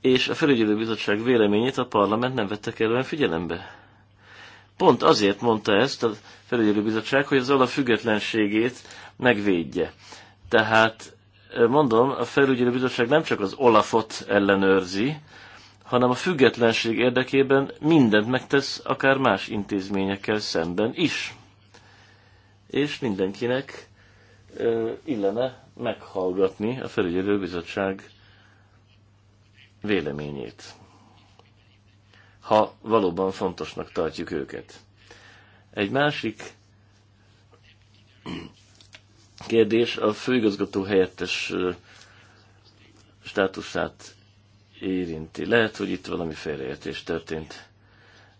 és a felügyelőbizottság véleményét a parlament nem vette kellően figyelembe. Pont azért mondta ezt a felügyelőbizottság, hogy az alap függetlenségét megvédje. Tehát mondom, a felügyelőbizottság nem csak az Olafot ellenőrzi, hanem a függetlenség érdekében mindent megtesz akár más intézményekkel szemben is. És mindenkinek illene meghallgatni a bizottság véleményét, ha valóban fontosnak tartjuk őket. Egy másik kérdés a főigazgató helyettes státuszát érinti. Lehet, hogy itt valami félreértés történt.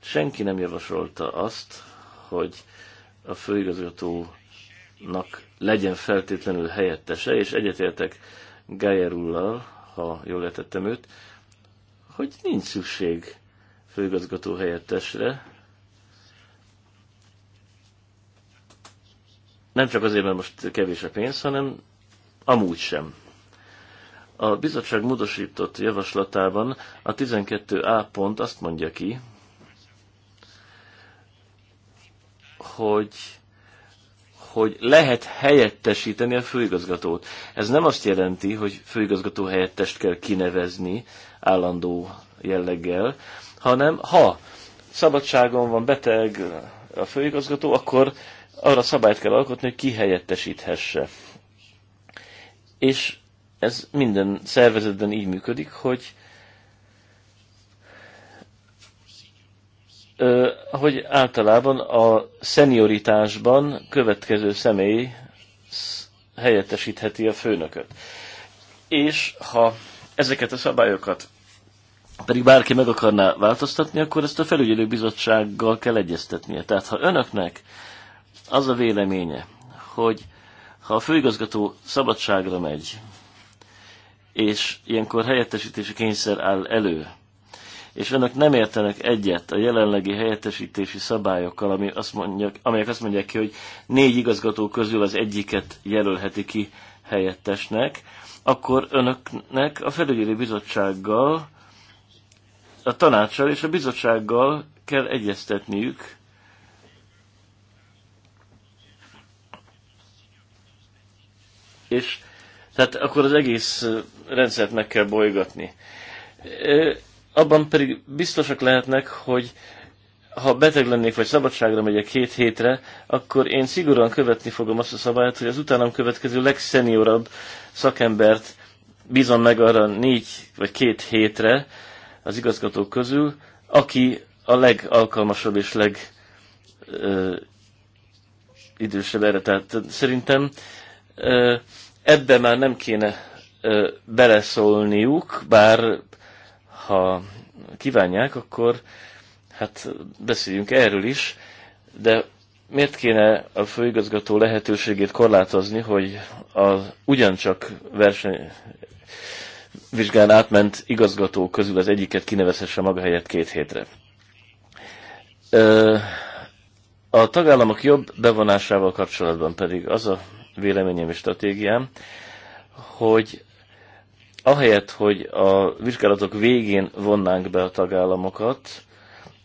Senki nem javasolta azt, hogy a főigazgatónak legyen feltétlenül helyettese, és egyetértek Gájerullal, ha jól értettem őt, hogy nincs szükség főigazgató helyettesre. Nem csak azért, mert most kevés a pénz, hanem amúgy sem. A bizottság módosított javaslatában a 12a pont azt mondja ki, hogy hogy lehet helyettesíteni a főigazgatót. Ez nem azt jelenti, hogy főigazgató helyettest kell kinevezni állandó jelleggel, hanem ha szabadságon van beteg a főigazgató, akkor arra szabályt kell alkotni, hogy ki helyettesíthesse. És ez minden szervezetben így működik, hogy hogy általában a szenioritásban következő személy helyettesítheti a főnököt. És ha ezeket a szabályokat pedig bárki meg akarná változtatni, akkor ezt a felügyelőbizottsággal kell egyeztetnie. Tehát ha önöknek az a véleménye, hogy ha a főigazgató szabadságra megy, és ilyenkor helyettesítési kényszer áll elő, és önök nem értenek egyet a jelenlegi helyettesítési szabályokkal, ami azt mondják, amelyek azt mondják ki, hogy négy igazgató közül az egyiket jelölheti ki helyettesnek, akkor önöknek a felügyelő bizottsággal, a tanácssal és a bizottsággal kell egyeztetniük, és tehát akkor az egész rendszert meg kell bolygatni abban pedig biztosak lehetnek, hogy ha beteg lennék, vagy szabadságra megyek két hétre, akkor én szigorúan követni fogom azt a szabályt, hogy az utánam következő legszeniorabb szakembert bízom meg arra négy vagy két hétre az igazgatók közül, aki a legalkalmasabb és leg ö, idősebb erre. Tehát szerintem ebbe már nem kéne ö, beleszólniuk, bár ha kívánják, akkor hát beszéljünk erről is, de miért kéne a főigazgató lehetőségét korlátozni, hogy a ugyancsak verseny vizsgán átment igazgató közül az egyiket kinevezhesse maga helyett két hétre. A tagállamok jobb bevonásával kapcsolatban pedig az a véleményem és stratégiám, hogy ahelyett, hogy a vizsgálatok végén vonnánk be a tagállamokat,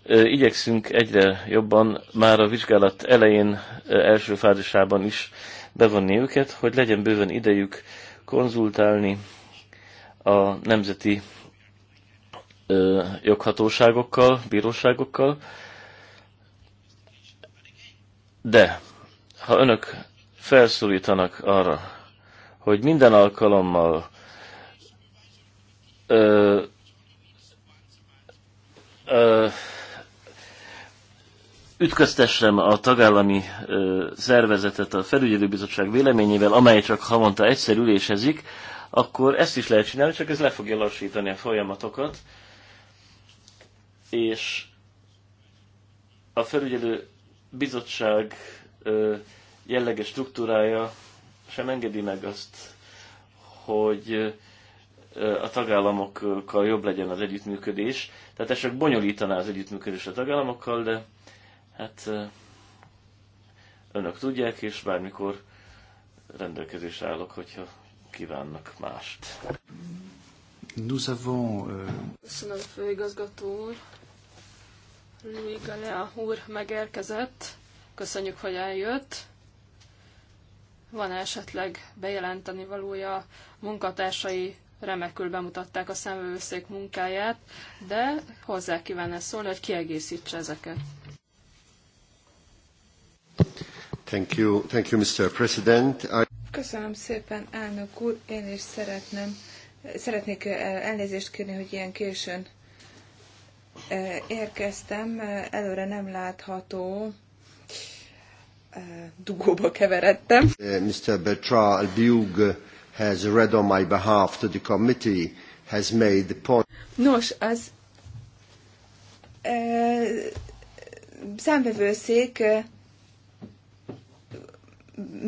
igyekszünk egyre jobban már a vizsgálat elején, első fázisában is bevonni őket, hogy legyen bőven idejük konzultálni a nemzeti joghatóságokkal, bíróságokkal. De ha önök felszólítanak arra, hogy minden alkalommal ütköztessem a tagállami ö, szervezetet a felügyelőbizottság véleményével, amely csak havonta egyszer ülésezik, akkor ezt is lehet csinálni, csak ez le fogja lassítani a folyamatokat. És a felügyelő bizottság ö, jelleges struktúrája sem engedi meg azt, hogy a tagállamokkal jobb legyen az együttműködés. Tehát ez csak bonyolítaná az együttműködés a tagállamokkal, de hát önök tudják, és bármikor rendelkezés állok, hogyha kívánnak mást. Nous avons... Euh... Köszönöm, főigazgató úr. Louis Galea úr megérkezett. Köszönjük, hogy eljött. Van -e esetleg bejelenteni valója munkatársai remekül bemutatták a szemvőszék munkáját, de hozzá kívánna szólni, hogy kiegészítse ezeket. Thank you, thank you, Mr. President. I... Köszönöm szépen, elnök úr. Én is szeretném, szeretnék eh, elnézést kérni, hogy ilyen későn eh, érkeztem. Előre nem látható eh, dugóba keveredtem. Mr. Bertrand Albiug has read on my behalf to the committee has made the point. Nos, az e, számvevőszék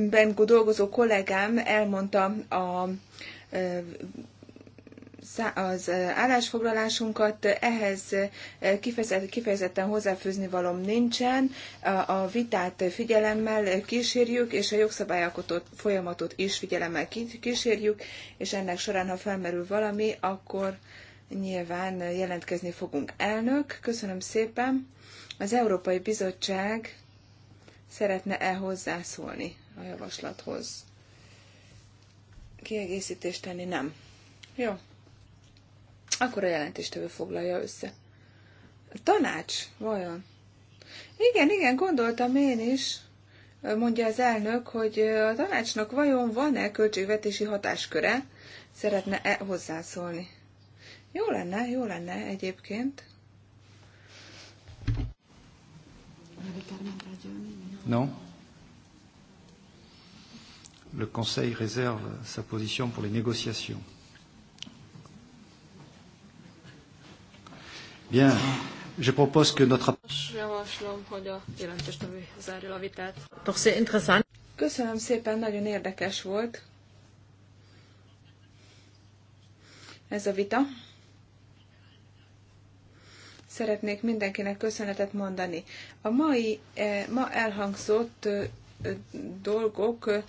ben dolgozó kollégám elmondta a az állásfoglalásunkat, ehhez kifejezetten hozzáfűzni valom nincsen, a vitát figyelemmel kísérjük, és a jogszabályalkotó folyamatot is figyelemmel kísérjük, és ennek során, ha felmerül valami, akkor nyilván jelentkezni fogunk. Elnök, köszönöm szépen. Az Európai Bizottság szeretne-e hozzászólni a javaslathoz? Kiegészítést tenni nem. Jó akkor a jelentéstevő foglalja össze. tanács, vajon? Igen, igen, gondoltam én is, mondja az elnök, hogy a tanácsnak vajon van-e költségvetési hatásköre, szeretne-e hozzászólni. Jó lenne, jó lenne egyébként. Non. Le Conseil réserve sa position pour les négociations. Bien. Je propose que notre... Javaslom, hogy a jelentős nevű zárja a vitát. Köszönöm szépen, nagyon érdekes volt ez a vita. Szeretnék mindenkinek köszönetet mondani. A mai, eh, ma elhangzott eh, dolgok eh,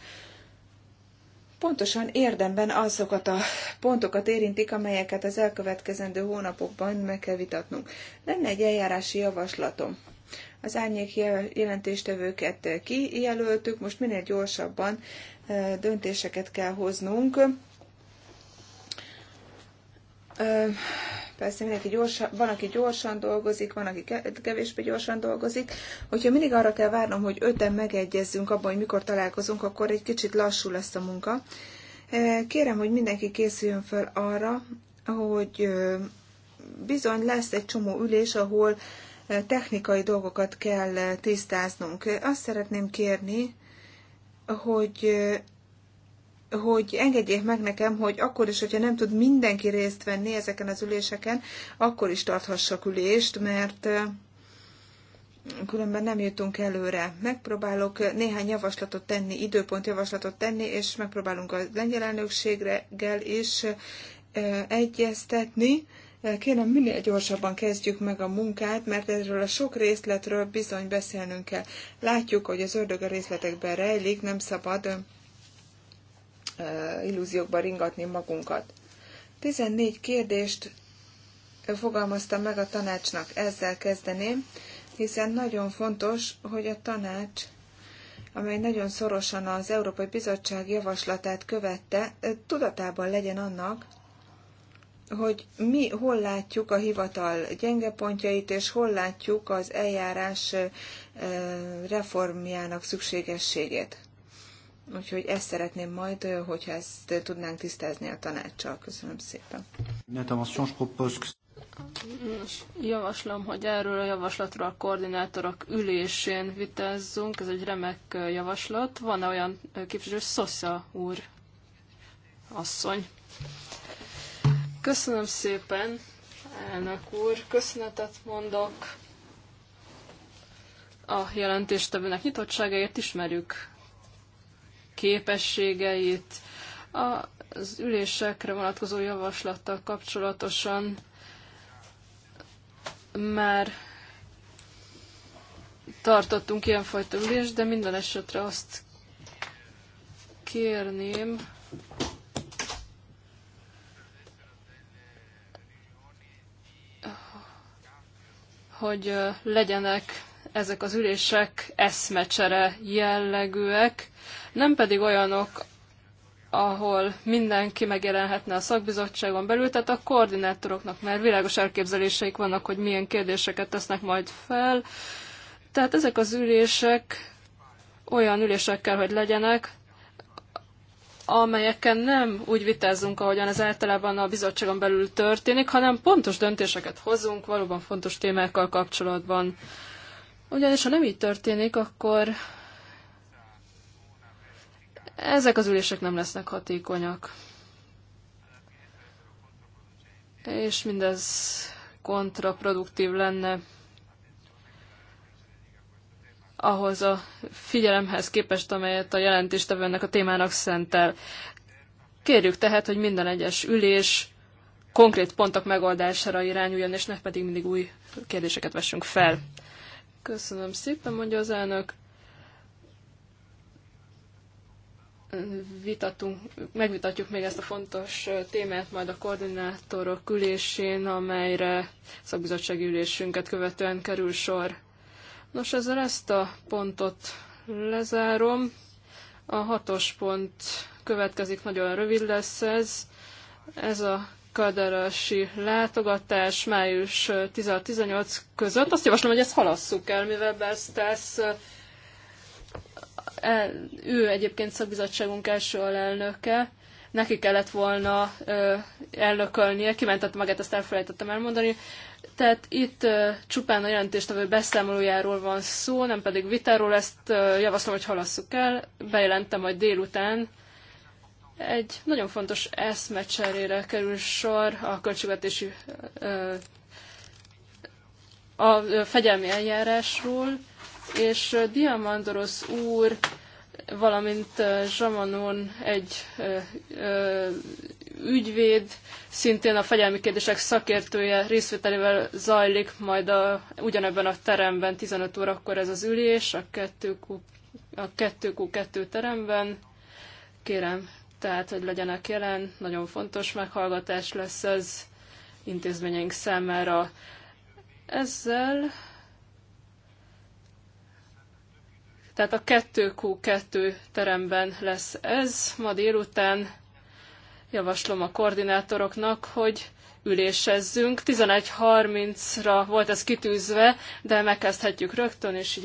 pontosan érdemben azokat a pontokat érintik, amelyeket az elkövetkezendő hónapokban meg kell vitatnunk. Lenne egy eljárási javaslatom. Az árnyék jelentéstevőket kijelöltük, most minél gyorsabban döntéseket kell hoznunk persze mindenki gyorsan, van, aki gyorsan dolgozik, van, aki kevésbé gyorsan dolgozik. Hogyha mindig arra kell várnom, hogy öten megegyezzünk abban, hogy mikor találkozunk, akkor egy kicsit lassú lesz a munka. Kérem, hogy mindenki készüljön fel arra, hogy bizony lesz egy csomó ülés, ahol technikai dolgokat kell tisztáznunk. Azt szeretném kérni, hogy hogy engedjék meg nekem, hogy akkor is, hogyha nem tud mindenki részt venni ezeken az üléseken, akkor is tarthassak ülést, mert különben nem jutunk előre. Megpróbálok néhány javaslatot tenni, időpont javaslatot tenni, és megpróbálunk a lengyel elnökséggel is egyeztetni. Kérem, minél gyorsabban kezdjük meg a munkát, mert erről a sok részletről bizony beszélnünk kell. Látjuk, hogy az ördög a részletekben rejlik, nem szabad illúziókba ringatni magunkat. 14 kérdést fogalmaztam meg a tanácsnak, ezzel kezdeném, hiszen nagyon fontos, hogy a tanács, amely nagyon szorosan az Európai Bizottság javaslatát követte, tudatában legyen annak, hogy mi hol látjuk a hivatal gyenge pontjait, és hol látjuk az eljárás reformjának szükségességét. Úgyhogy ezt szeretném majd, hogyha ezt tudnánk tisztázni a tanácssal. Köszönöm szépen. Javaslom, hogy erről a javaslatról a koordinátorok ülésén vitázzunk. Ez egy remek javaslat. Van-e olyan képviselő? Szosza úr, asszony. Köszönöm szépen, elnök úr. Köszönetet mondok a jelentéstevőnek nyitottságáért. Ismerjük képességeit. Az ülésekre vonatkozó javaslattal kapcsolatosan már tartottunk ilyenfajta ülést, de minden esetre azt kérném, hogy legyenek ezek az ülések eszmecsere jellegűek, nem pedig olyanok, ahol mindenki megjelenhetne a szakbizottságon belül, tehát a koordinátoroknak már világos elképzeléseik vannak, hogy milyen kérdéseket tesznek majd fel. Tehát ezek az ülések olyan ülések kell, hogy legyenek, amelyeken nem úgy vitázunk, ahogyan ez általában a bizottságon belül történik, hanem pontos döntéseket hozunk valóban fontos témákkal kapcsolatban. Ugyanis ha nem így történik, akkor ezek az ülések nem lesznek hatékonyak. És mindez kontraproduktív lenne ahhoz a figyelemhez képest, amelyet a jelentéstevő ennek a témának szentel. Kérjük tehát, hogy minden egyes ülés konkrét pontok megoldására irányuljon, és ne pedig mindig új kérdéseket vessünk fel. Köszönöm szépen, mondja az elnök. Vitatunk, megvitatjuk még ezt a fontos témát majd a koordinátorok ülésén, amelyre szakbizottsági ülésünket követően kerül sor. Nos, ezzel ezt a pontot lezárom. A hatos pont következik, nagyon rövid lesz ez. Ez a kadarasi látogatás május 16-18 között. Azt javaslom, hogy ezt halasszuk el, mivel Bersztász ő egyébként szakbizottságunk első alelnöke, neki kellett volna elnökölnie, kimentette magát, ezt elfelejtettem elmondani. Tehát itt csupán a jelentéstevő beszámolójáról van szó, nem pedig vitáról, ezt javaslom, hogy halasszuk el. Bejelentem, hogy délután egy nagyon fontos eszmecserére kerül sor a költségvetési a fegyelmi eljárásról, és Diamandoros úr, valamint Zsamanon egy ügyvéd, szintén a fegyelmi kérdések szakértője részvételével zajlik majd a, ugyanebben a teremben 15 órakor ez az ülés, a 2Q, a 2 teremben. Kérem, tehát hogy legyenek jelen, nagyon fontos meghallgatás lesz ez intézményeink számára. Ezzel tehát a 2Q2 teremben lesz ez ma délután. Javaslom a koordinátoroknak, hogy ülésezzünk. 11.30-ra volt ez kitűzve, de megkezdhetjük rögtön, és így